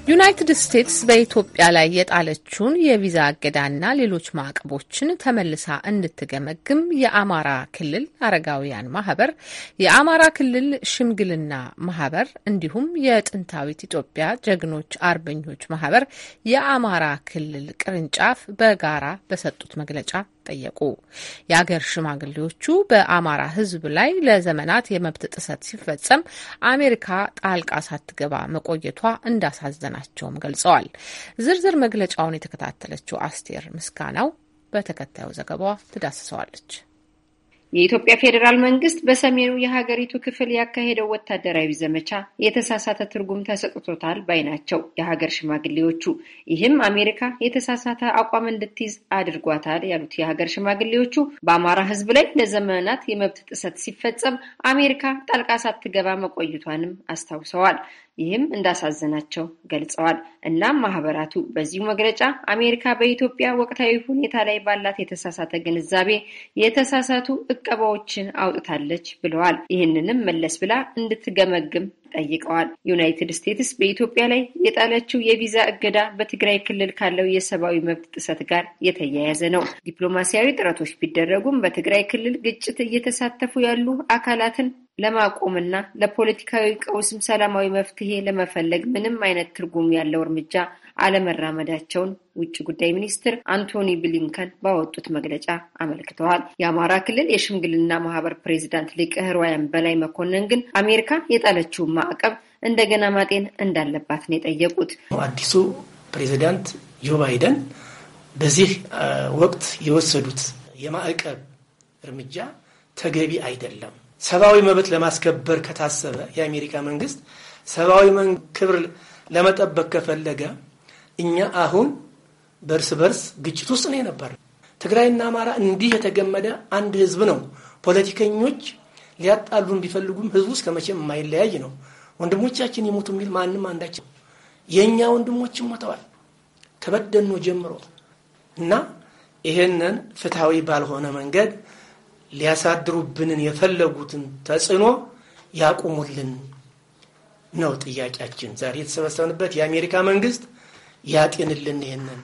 ዩናይትድ ስቴትስ በኢትዮጵያ ላይ የጣለችውን የቪዛ እገዳና ሌሎች ማዕቀቦችን ተመልሳ እንድትገመግም የአማራ ክልል አረጋውያን ማህበር፣ የአማራ ክልል ሽምግልና ማህበር እንዲሁም የጥንታዊት ኢትዮጵያ ጀግኖች አርበኞች ማህበር የአማራ ክልል ቅርንጫፍ በጋራ በሰጡት መግለጫ ጠየቁ። የአገር ሽማግሌዎቹ በአማራ ሕዝብ ላይ ለዘመናት የመብት ጥሰት ሲፈጸም አሜሪካ ጣልቃ ሳትገባ መቆየቷ እንዳሳዘናቸውም ገልጸዋል። ዝርዝር መግለጫውን የተከታተለችው አስቴር ምስጋናው በተከታዩ ዘገባዋ ትዳስሰዋለች። የኢትዮጵያ ፌዴራል መንግስት በሰሜኑ የሀገሪቱ ክፍል ያካሄደው ወታደራዊ ዘመቻ የተሳሳተ ትርጉም ተሰጥቶታል ባይ ናቸው የሀገር ሽማግሌዎቹ። ይህም አሜሪካ የተሳሳተ አቋም እንድትይዝ አድርጓታል ያሉት የሀገር ሽማግሌዎቹ በአማራ ሕዝብ ላይ ለዘመናት የመብት ጥሰት ሲፈጸም አሜሪካ ጣልቃ ሳትገባ መቆይቷንም አስታውሰዋል። ይህም እንዳሳዘናቸው ገልጸዋል። እናም ማህበራቱ በዚሁ መግለጫ አሜሪካ በኢትዮጵያ ወቅታዊ ሁኔታ ላይ ባላት የተሳሳተ ግንዛቤ የተሳሳቱ እቀባዎችን አውጥታለች ብለዋል። ይህንንም መለስ ብላ እንድትገመግም ጠይቀዋል። ዩናይትድ ስቴትስ በኢትዮጵያ ላይ የጣለችው የቪዛ እገዳ በትግራይ ክልል ካለው የሰብአዊ መብት ጥሰት ጋር የተያያዘ ነው። ዲፕሎማሲያዊ ጥረቶች ቢደረጉም በትግራይ ክልል ግጭት እየተሳተፉ ያሉ አካላትን ለማቆምና ለፖለቲካዊ ቀውስም ሰላማዊ መፍትሄ ለመፈለግ ምንም አይነት ትርጉም ያለው እርምጃ አለመራመዳቸውን ውጭ ጉዳይ ሚኒስትር አንቶኒ ብሊንከን ባወጡት መግለጫ አመልክተዋል። የአማራ ክልል የሽምግልና ማህበር ፕሬዚዳንት ሊቀ ሕሩያን በላይ መኮንን ግን አሜሪካ የጣለችውን ማዕቀብ እንደገና ማጤን እንዳለባት ነው የጠየቁት። አዲሱ ፕሬዚዳንት ጆ ባይደን በዚህ ወቅት የወሰዱት የማዕቀብ እርምጃ ተገቢ አይደለም ሰብአዊ መብት ለማስከበር ከታሰበ የአሜሪካ መንግስት ሰብአዊ ክብር ለመጠበቅ ከፈለገ እኛ አሁን በእርስ በርስ ግጭት ውስጥ ነው የነበር። ትግራይና አማራ እንዲህ የተገመደ አንድ ህዝብ ነው። ፖለቲከኞች ሊያጣሉን ቢፈልጉም ህዝቡ እስከ መቼም የማይለያይ ነው። ወንድሞቻችን ይሞቱ የሚል ማንም አንዳችን የእኛ ወንድሞችን ሞተዋል ከበደኖ ጀምሮ እና ይሄንን ፍትሐዊ ባልሆነ መንገድ ሊያሳድሩብንን የፈለጉትን ተጽዕኖ ያቁሙልን ነው ጥያቄያችን። ዛሬ የተሰበሰብንበት የአሜሪካ መንግስት ያጤንልን ይህንን።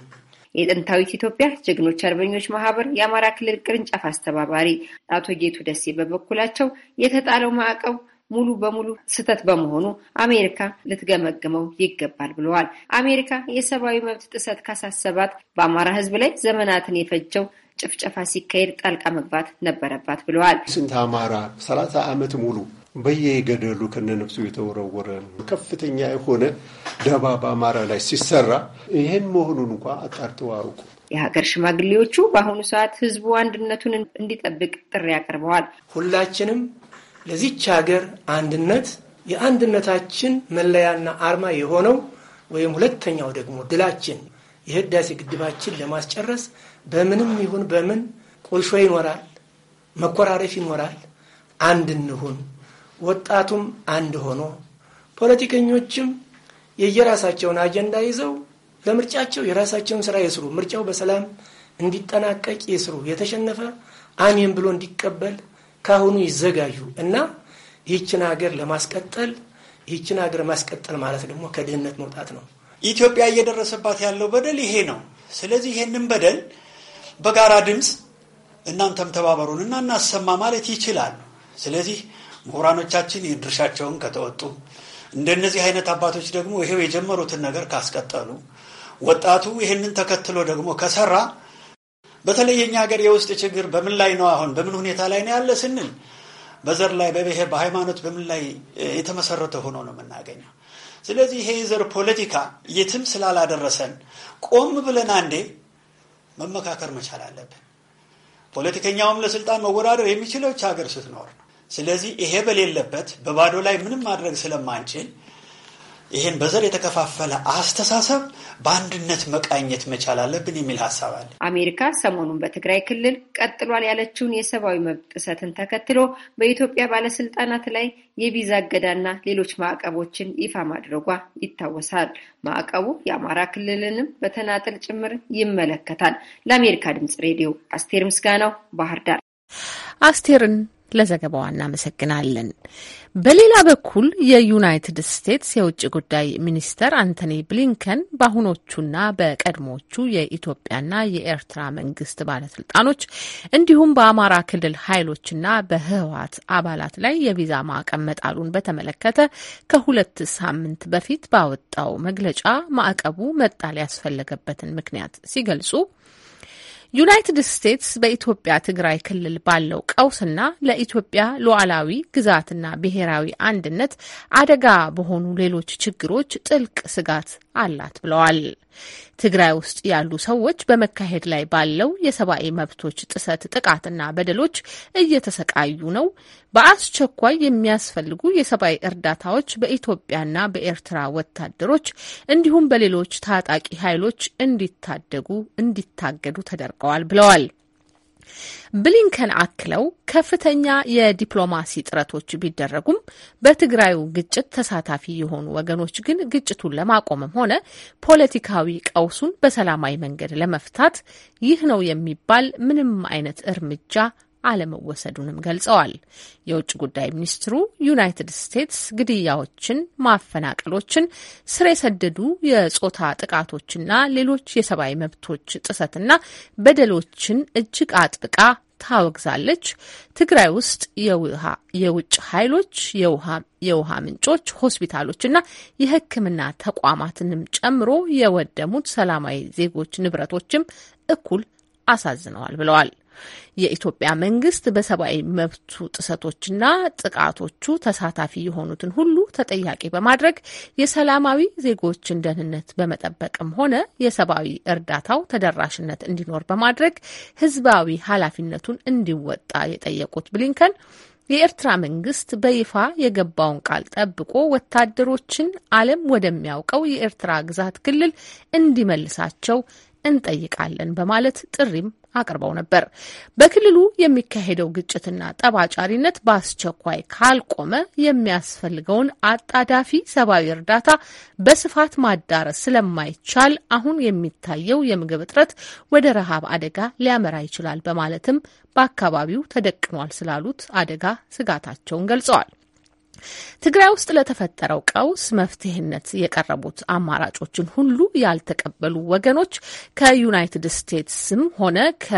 የጥንታዊት ኢትዮጵያ ጀግኖች አርበኞች ማህበር የአማራ ክልል ቅርንጫፍ አስተባባሪ አቶ ጌቱ ደሴ በበኩላቸው የተጣለው ማዕቀብ ሙሉ በሙሉ ስህተት በመሆኑ አሜሪካ ልትገመግመው ይገባል ብለዋል። አሜሪካ የሰብአዊ መብት ጥሰት ካሳሰባት በአማራ ሕዝብ ላይ ዘመናትን የፈጀው ጭፍጨፋ ሲካሄድ ጣልቃ መግባት ነበረባት ብለዋል። ስንት አማራ ሰላሳ ዓመት ሙሉ በየገደሉ ከነነፍሱ የተወረወረ ከፍተኛ የሆነ ደባ በአማራ ላይ ሲሰራ ይህን መሆኑን እንኳ አጣርተው አውቁ። የሀገር ሽማግሌዎቹ በአሁኑ ሰዓት ህዝቡ አንድነቱን እንዲጠብቅ ጥሪ አቅርበዋል። ሁላችንም ለዚች ሀገር አንድነት የአንድነታችን መለያና አርማ የሆነው ወይም ሁለተኛው ደግሞ ድላችን የህዳሴ ግድባችን ለማስጨረስ በምንም ይሁን በምን ቁልሾ ይኖራል፣ መኮራረፍ ይኖራል። አንድ እንሁን። ወጣቱም አንድ ሆኖ ፖለቲከኞችም የየራሳቸውን አጀንዳ ይዘው ለምርጫቸው የራሳቸውን ስራ ይስሩ። ምርጫው በሰላም እንዲጠናቀቅ ይስሩ። የተሸነፈ አሜን ብሎ እንዲቀበል ካሁኑ ይዘጋጁ እና ይህችን ሀገር ለማስቀጠል ይህችን ሀገር ማስቀጠል ማለት ደግሞ ከድህነት መውጣት ነው። ኢትዮጵያ እየደረሰባት ያለው በደል ይሄ ነው። ስለዚህ ይሄንን በደል በጋራ ድምፅ እናንተም ተባበሩን እና እናሰማ ማለት ይችላል። ስለዚህ ምሁራኖቻችን የድርሻቸውን ከተወጡ፣ እንደነዚህ አይነት አባቶች ደግሞ ይሄው የጀመሩትን ነገር ካስቀጠሉ፣ ወጣቱ ይህንን ተከትሎ ደግሞ ከሰራ በተለይ የኛ ሀገር የውስጥ ችግር በምን ላይ ነው? አሁን በምን ሁኔታ ላይ ነው ያለ ስንል በዘር ላይ፣ በብሔር፣ በሃይማኖት በምን ላይ የተመሰረተ ሆኖ ነው የምናገኘው። ስለዚህ ይሄ የዘር ፖለቲካ የትም ስላላደረሰን ቆም ብለን አንዴ መመካከር መቻል አለብን። ፖለቲከኛውም ለስልጣን መወዳደር የሚችለው ሀገር ስትኖር ነው። ስለዚህ ይሄ በሌለበት በባዶ ላይ ምንም ማድረግ ስለማንችል ይህን በዘር የተከፋፈለ አስተሳሰብ በአንድነት መቃኘት መቻል አለብን የሚል ሀሳብ አለ። አሜሪካ ሰሞኑን በትግራይ ክልል ቀጥሏል ያለችውን የሰብአዊ መብት ጥሰትን ተከትሎ በኢትዮጵያ ባለስልጣናት ላይ የቪዛ እገዳና ሌሎች ማዕቀቦችን ይፋ ማድረጓ ይታወሳል። ማዕቀቡ የአማራ ክልልንም በተናጠል ጭምር ይመለከታል። ለአሜሪካ ድምጽ ሬዲዮ አስቴር ምስጋናው ባህር ዳር። አስቴርን ለዘገባዋ እናመሰግናለን። በሌላ በኩል የዩናይትድ ስቴትስ የውጭ ጉዳይ ሚኒስተር አንቶኒ ብሊንከን በአሁኖቹና በቀድሞቹ የኢትዮጵያና የኤርትራ መንግስት ባለስልጣኖች እንዲሁም በአማራ ክልል ኃይሎችና በህወሓት አባላት ላይ የቪዛ ማዕቀብ መጣሉን በተመለከተ ከሁለት ሳምንት በፊት ባወጣው መግለጫ ማዕቀቡ መጣል ያስፈለገበትን ምክንያት ሲገልጹ ዩናይትድ ስቴትስ በኢትዮጵያ ትግራይ ክልል ባለው ቀውስና ለኢትዮጵያ ሉዓላዊ ግዛትና ብሔራዊ አንድነት አደጋ በሆኑ ሌሎች ችግሮች ጥልቅ ስጋት አላት ብለዋል። ትግራይ ውስጥ ያሉ ሰዎች በመካሄድ ላይ ባለው የሰብአዊ መብቶች ጥሰት ጥቃትና በደሎች እየተሰቃዩ ነው። በአስቸኳይ የሚያስፈልጉ የሰብአዊ እርዳታዎች በኢትዮጵያና በኤርትራ ወታደሮች እንዲሁም በሌሎች ታጣቂ ኃይሎች እንዲታደጉ እንዲታገዱ ተደርገዋል ብለዋል። ብሊንከን አክለው ከፍተኛ የዲፕሎማሲ ጥረቶች ቢደረጉም በትግራዩ ግጭት ተሳታፊ የሆኑ ወገኖች ግን ግጭቱን ለማቆምም ሆነ ፖለቲካዊ ቀውሱን በሰላማዊ መንገድ ለመፍታት ይህ ነው የሚባል ምንም አይነት እርምጃ አለመወሰዱንም ገልጸዋል። የውጭ ጉዳይ ሚኒስትሩ ዩናይትድ ስቴትስ ግድያዎችን፣ ማፈናቀሎችን፣ ስር የሰደዱ የጾታ ጥቃቶችና ሌሎች የሰብአዊ መብቶች ጥሰትና በደሎችን እጅግ አጥብቃ ታወግዛለች። ትግራይ ውስጥ የውጭ ኃይሎች የውሃ ምንጮች፣ ሆስፒታሎችና የሕክምና ተቋማትንም ጨምሮ የወደሙት ሰላማዊ ዜጎች ንብረቶችም እኩል አሳዝነዋል ብለዋል። የኢትዮጵያ መንግስት በሰብአዊ መብቱ ጥሰቶችና ጥቃቶቹ ተሳታፊ የሆኑትን ሁሉ ተጠያቂ በማድረግ የሰላማዊ ዜጎችን ደህንነት በመጠበቅም ሆነ የሰብአዊ እርዳታው ተደራሽነት እንዲኖር በማድረግ ህዝባዊ ኃላፊነቱን እንዲወጣ የጠየቁት ብሊንከን የኤርትራ መንግስት በይፋ የገባውን ቃል ጠብቆ ወታደሮችን ዓለም ወደሚያውቀው የኤርትራ ግዛት ክልል እንዲመልሳቸው እንጠይቃለን በማለት ጥሪም አቅርበው ነበር። በክልሉ የሚካሄደው ግጭትና ጠባጫሪነት በአስቸኳይ ካልቆመ የሚያስፈልገውን አጣዳፊ ሰብአዊ እርዳታ በስፋት ማዳረስ ስለማይቻል አሁን የሚታየው የምግብ እጥረት ወደ ረሃብ አደጋ ሊያመራ ይችላል በማለትም በአካባቢው ተደቅኗል ስላሉት አደጋ ስጋታቸውን ገልጸዋል። ትግራይ ውስጥ ለተፈጠረው ቀውስ መፍትሄነት የቀረቡት አማራጮችን ሁሉ ያልተቀበሉ ወገኖች ከዩናይትድ ስቴትስም ሆነ ከ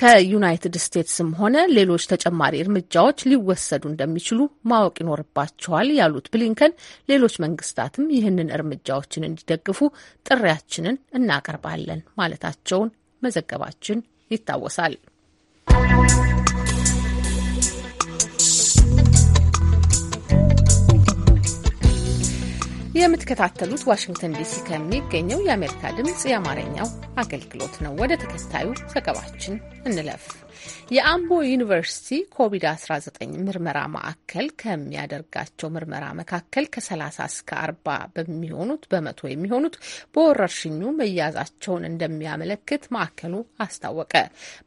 ከዩናይትድ ስቴትስም ሆነ ሌሎች ተጨማሪ እርምጃዎች ሊወሰዱ እንደሚችሉ ማወቅ ይኖርባቸዋል ያሉት ብሊንከን ሌሎች መንግስታትም ይህንን እርምጃዎችን እንዲደግፉ ጥሪያችንን እናቀርባለን ማለታቸውን መዘገባችን ይታወሳል። የምትከታተሉት ዋሽንግተን ዲሲ ከሚገኘው የአሜሪካ ድምፅ የአማርኛው አገልግሎት ነው። ወደ ተከታዩ ዘገባችን እንለፍ። የአምቦ ዩኒቨርሲቲ ኮቪድ-19 ምርመራ ማዕከል ከሚያደርጋቸው ምርመራ መካከል ከ30 እስከ 40 በሚሆኑት በመቶ የሚሆኑት በወረርሽኙ መያዛቸውን እንደሚያመለክት ማዕከሉ አስታወቀ።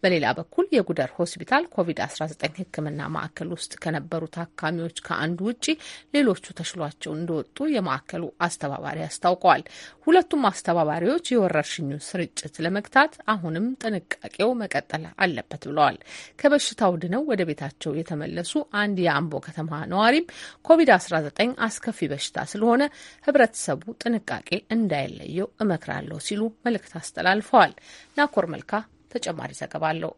በሌላ በኩል የጉደር ሆስፒታል ኮቪድ-19 ሕክምና ማዕከል ውስጥ ከነበሩ ታካሚዎች ከአንዱ ውጪ ሌሎቹ ተሽሏቸው እንደወጡ የማዕከሉ አስተባባሪ አስታውቀዋል። ሁለቱም አስተባባሪዎች የወረርሽኙ ስርጭት ለመግታት አሁንም ጥንቃቄው መቀጠል አለበት ብለዋል። ገልጸዋል። ከበሽታው ድነው ወደ ቤታቸው የተመለሱ አንድ የአምቦ ከተማ ነዋሪም ኮቪድ-19 አስከፊ በሽታ ስለሆነ ህብረተሰቡ ጥንቃቄ እንዳይለየው እመክራለሁ ሲሉ መልእክት አስተላልፈዋል። ናኮር መልካ ተጨማሪ ዘገባ አለው።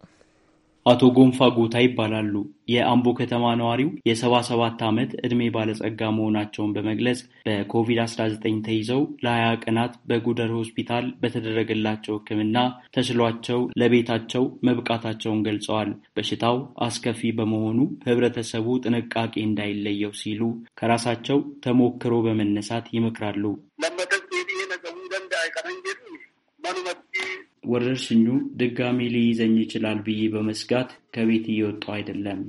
አቶ ጎንፋ ጎታ ይባላሉ። የአምቦ ከተማ ነዋሪው የሰባ ሰባት ዓመት ዕድሜ ባለጸጋ መሆናቸውን በመግለጽ በኮቪድ-19 ተይዘው ለሀያ ቀናት በጉደር ሆስፒታል በተደረገላቸው ሕክምና ተችሏቸው ለቤታቸው መብቃታቸውን ገልጸዋል። በሽታው አስከፊ በመሆኑ ህብረተሰቡ ጥንቃቄ እንዳይለየው ሲሉ ከራሳቸው ተሞክሮ በመነሳት ይመክራሉ። ወረርሽኙ ድጋሚ ሊይዘኝ ይችላል ብዬ በመስጋት ከቤት እየወጡ አይደለም።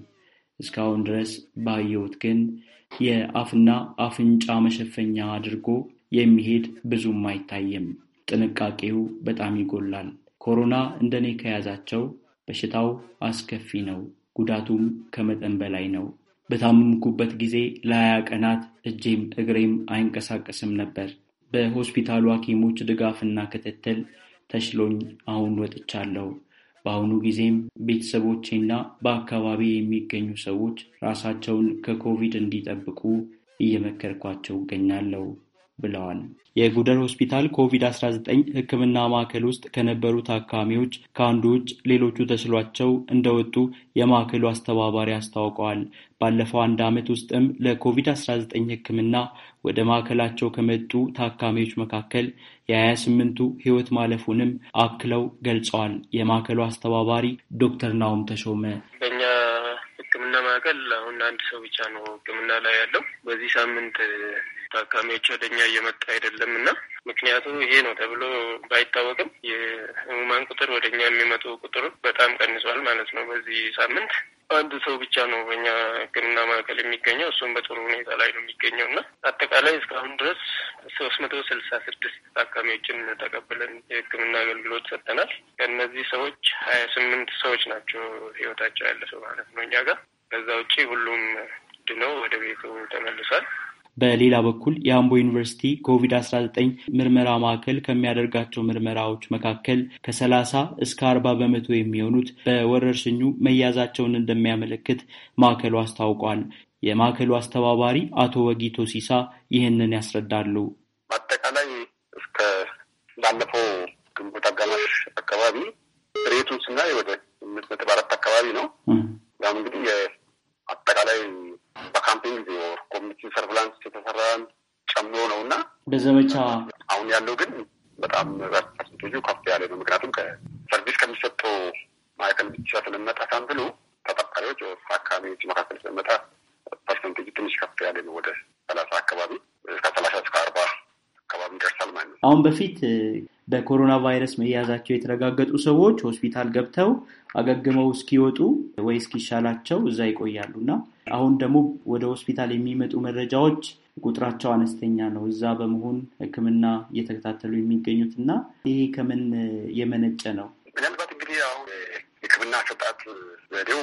እስካሁን ድረስ ባየሁት ግን የአፍና አፍንጫ መሸፈኛ አድርጎ የሚሄድ ብዙም አይታይም። ጥንቃቄው በጣም ይጎላል። ኮሮና እንደኔ ከያዛቸው በሽታው አስከፊ ነው። ጉዳቱም ከመጠን በላይ ነው። በታመምኩበት ጊዜ ለሀያ ቀናት እጄም እግሬም አይንቀሳቀስም ነበር። በሆስፒታሉ ሐኪሞች ድጋፍና ክትትል ተችሎኝ አሁን ወጥቻለሁ። በአሁኑ ጊዜም ቤተሰቦቼና በአካባቢ የሚገኙ ሰዎች ራሳቸውን ከኮቪድ እንዲጠብቁ እየመከርኳቸው እገኛለሁ። ብለዋል። የጉደር ሆስፒታል ኮቪድ-19 ሕክምና ማዕከል ውስጥ ከነበሩ ታካሚዎች ከአንዱ ውጭ ሌሎቹ ተስሏቸው እንደወጡ የማዕከሉ አስተባባሪ አስታውቀዋል። ባለፈው አንድ ዓመት ውስጥም ለኮቪድ-19 ሕክምና ወደ ማዕከላቸው ከመጡ ታካሚዎች መካከል የ 28 ቱ ሕይወት ማለፉንም አክለው ገልጸዋል። የማዕከሉ አስተባባሪ ዶክተር ናውም ተሾመ በእኛ ሕክምና ማዕከል አሁን አንድ ሰው ብቻ ነው ሕክምና ላይ ያለው። በዚህ ሳምንት ታካሚዎች ወደ እኛ እየመጣ አይደለም እና ምክንያቱ ይሄ ነው ተብሎ ባይታወቅም የህሙማን ቁጥር ወደ እኛ የሚመጡ ቁጥር በጣም ቀንሷል ማለት ነው። በዚህ ሳምንት አንድ ሰው ብቻ ነው በእኛ ህክምና ማዕከል የሚገኘው። እሱም በጥሩ ሁኔታ ላይ ነው የሚገኘው እና አጠቃላይ እስካሁን ድረስ ሶስት መቶ ስልሳ ስድስት ታካሚዎችን ተቀብለን የሕክምና አገልግሎት ሰጥተናል። ከእነዚህ ሰዎች ሀያ ስምንት ሰዎች ናቸው ህይወታቸው ያለፈው ማለት ነው እኛ ጋር። ከዛ ውጪ ሁሉም ድነው ወደ ቤቱ ተመልሷል። በሌላ በኩል የአምቦ ዩኒቨርሲቲ ኮቪድ-19 ምርመራ ማዕከል ከሚያደርጋቸው ምርመራዎች መካከል ከ30 እስከ 40 በመቶ የሚሆኑት በወረርሽኙ መያዛቸውን እንደሚያመለክት ማዕከሉ አስታውቋል። የማዕከሉ አስተባባሪ አቶ ወጊቶ ሲሳ ይህንን ያስረዳሉ። ባለፈው ግንቦት አጋማሽ አካባቢ ሬቱን ስናይ ወደ ስምንት ነጥብ አራት አካባቢ ነው። ያም እንግዲህ የአጠቃላይ በካምፔን ጊዜ ወር ኮሚኒቲ ሰርቪላንስ የተሰራን ጨምሮ ነው እና በዘመቻ አሁን ያለው ግን በጣም ፐርሰንቴጁ ከፍ ያለ ነው። ምክንያቱም ከሰርቪስ ከሚሰጠው ማዕከል ብቻ ስለመጣ ሳምፕሉ ተጠቃሚዎች አካባቢዎች መካከል ስለመጣ ፐርሰንቴጅ ትንሽ ከፍ ያለ ነው ወደ ሰላሳ አካባቢ ከሰላሳ እስከ አርባ አካባቢ ይደርሳል ማለት ነው። አሁን በፊት በኮሮና ቫይረስ መያዛቸው የተረጋገጡ ሰዎች ሆስፒታል ገብተው አገግመው እስኪወጡ ወይ እስኪሻላቸው እዛ ይቆያሉ እና አሁን ደግሞ ወደ ሆስፒታል የሚመጡ መረጃዎች ቁጥራቸው አነስተኛ ነው። እዛ በመሆን ሕክምና እየተከታተሉ የሚገኙት እና ይሄ ከምን የመነጨ ነው? ምናልባት እንግዲህ አሁን ሕክምና አሰጣጥ ዘዴው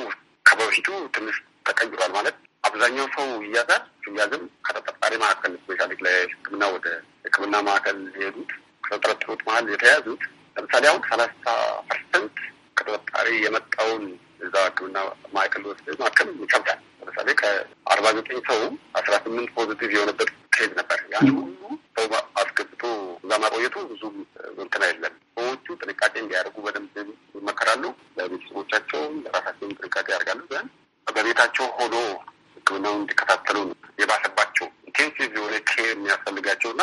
ከበፊቱ ትንሽ ተቀይሯል ማለት አብዛኛው ሰው ይያዛል። ሲያዝም ከተጠርጣሪ መካከል ስፔሻሊ ለሕክምና ወደ ህክምና ማዕከል የሄዱት ከተጠረጠሩት መሀል የተያዙት ለምሳሌ አሁን ሰላሳ ፐርሰንት ከተጠርጣሪ የመጣውን እዛ ህክምና ማዕከል ወስድ ማከም ይከብዳል። ለምሳሌ ከአርባ ዘጠኝ ሰው አስራ ስምንት ፖዚቲቭ የሆነበት ኬዝ ነበር። ያን ሁሉ ሰው አስገብቶ እዛ ማቆየቱ ብዙም እንትን የለም። ሰዎቹ ጥንቃቄ እንዲያደርጉ በደንብ ይመከራሉ። ለቤተሰቦቻቸውም ለራሳቸውም ጥንቃቄ ያደርጋሉ። ዘን በቤታቸው ሆኖ ነው እንዲከታተሉ የባሰባቸው ኢንቴንሲቭ የሆነ ኬር የሚያስፈልጋቸውና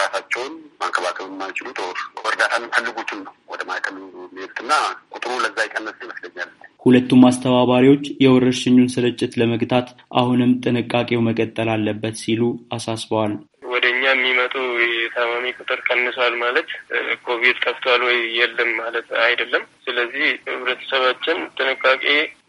ራሳቸውን ማንከባከብ ጦር እርዳታ የሚፈልጉትን ነው ወደ ማዕከል የሚሄዱትና ቁጥሩ ለዛ ይቀነስ ይመስለኛል። ሁለቱም አስተባባሪዎች የወረርሽኙን ስርጭት ለመግታት አሁንም ጥንቃቄው መቀጠል አለበት ሲሉ አሳስበዋል። ወደ እኛ የሚመጡ የታማሚ ቁጥር ቀንሷል ማለት ኮቪድ ጠፍቷል ወይ የለም ማለት አይደለም። ስለዚህ ህብረተሰባችን ጥንቃቄ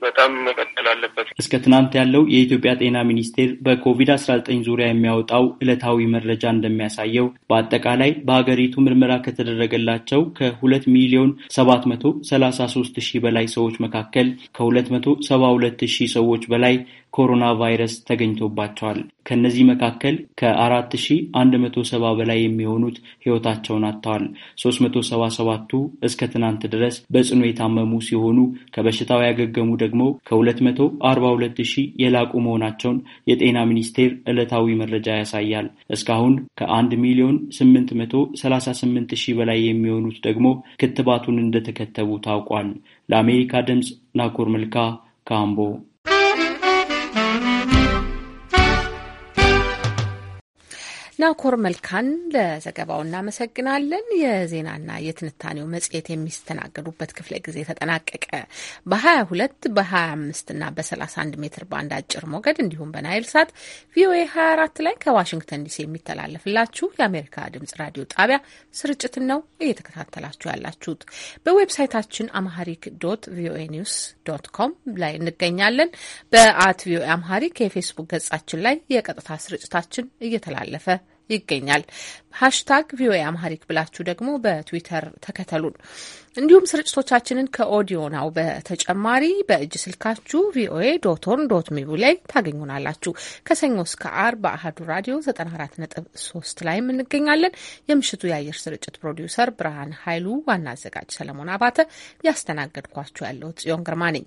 በጣም መቀጠል አለበት። እስከ ትናንት ያለው የኢትዮጵያ ጤና ሚኒስቴር በኮቪድ አስራ ዘጠኝ ዙሪያ የሚያወጣው ዕለታዊ መረጃ እንደሚያሳየው በአጠቃላይ በሀገሪቱ ምርመራ ከተደረገላቸው ከሁለት ሚሊዮን ሰባት መቶ ሰላሳ ሶስት ሺህ በላይ ሰዎች መካከል ከሁለት መቶ ሰባ ሁለት ሺህ ሰዎች በላይ ኮሮና ቫይረስ ተገኝቶባቸዋል። ከእነዚህ መካከል ከአራት ሺህ አንድ መቶ ሰባ በላይ የሚሆኑት ሕይወታቸውን አጥተዋል። ሶስት መቶ ሰባ ሰባቱ እስከ ትናንት ድረስ በጽኑ የታመሙ ሲሆኑ ከበሽታው ያገገሙ ደግሞ ከ242 ሺህ የላቁ መሆናቸውን የጤና ሚኒስቴር ዕለታዊ መረጃ ያሳያል። እስካሁን ከ1 ሚሊዮን 838 ሺህ በላይ የሚሆኑት ደግሞ ክትባቱን እንደተከተቡ ታውቋል። ለአሜሪካ ድምፅ ናኮር መልካ ካምቦ ናኮር መልካን ለዘገባው እናመሰግናለን። የዜናና የትንታኔው መጽሔት የሚስተናገዱበት ክፍለ ጊዜ ተጠናቀቀ። በ22 በ25 እና በ31 ሜትር ባንድ አጭር ሞገድ እንዲሁም በናይል ሳት ቪኦኤ 24 ላይ ከዋሽንግተን ዲሲ የሚተላለፍላችሁ የአሜሪካ ድምጽ ራዲዮ ጣቢያ ስርጭትን ነው እየተከታተላችሁ ያላችሁት። በዌብሳይታችን አምሃሪክ ዶት ቪኦኤ ኒውስ ዶት ኮም ላይ እንገኛለን። በአት ቪኦኤ አምሃሪክ የፌስቡክ ገጻችን ላይ የቀጥታ ስርጭታችን እየተላለፈ y Queñal ሀሽታግ ቪኦኤ አምሃሪክ ብላችሁ ደግሞ በትዊተር ተከተሉን። እንዲሁም ስርጭቶቻችንን ከኦዲዮ ናው በተጨማሪ በእጅ ስልካችሁ ቪኦኤ ዶቶን ዶት ሚቡ ላይ ታገኙናላችሁ። ከሰኞ እስከ አርብ በአህዱ ራዲዮ 94.3 ላይ እንገኛለን። የምሽቱ የአየር ስርጭት ፕሮዲውሰር ብርሃን ኃይሉ፣ ዋና አዘጋጅ ሰለሞን አባተ፣ ያስተናገድኳችሁ ያለው ጽዮን ግርማ ነኝ።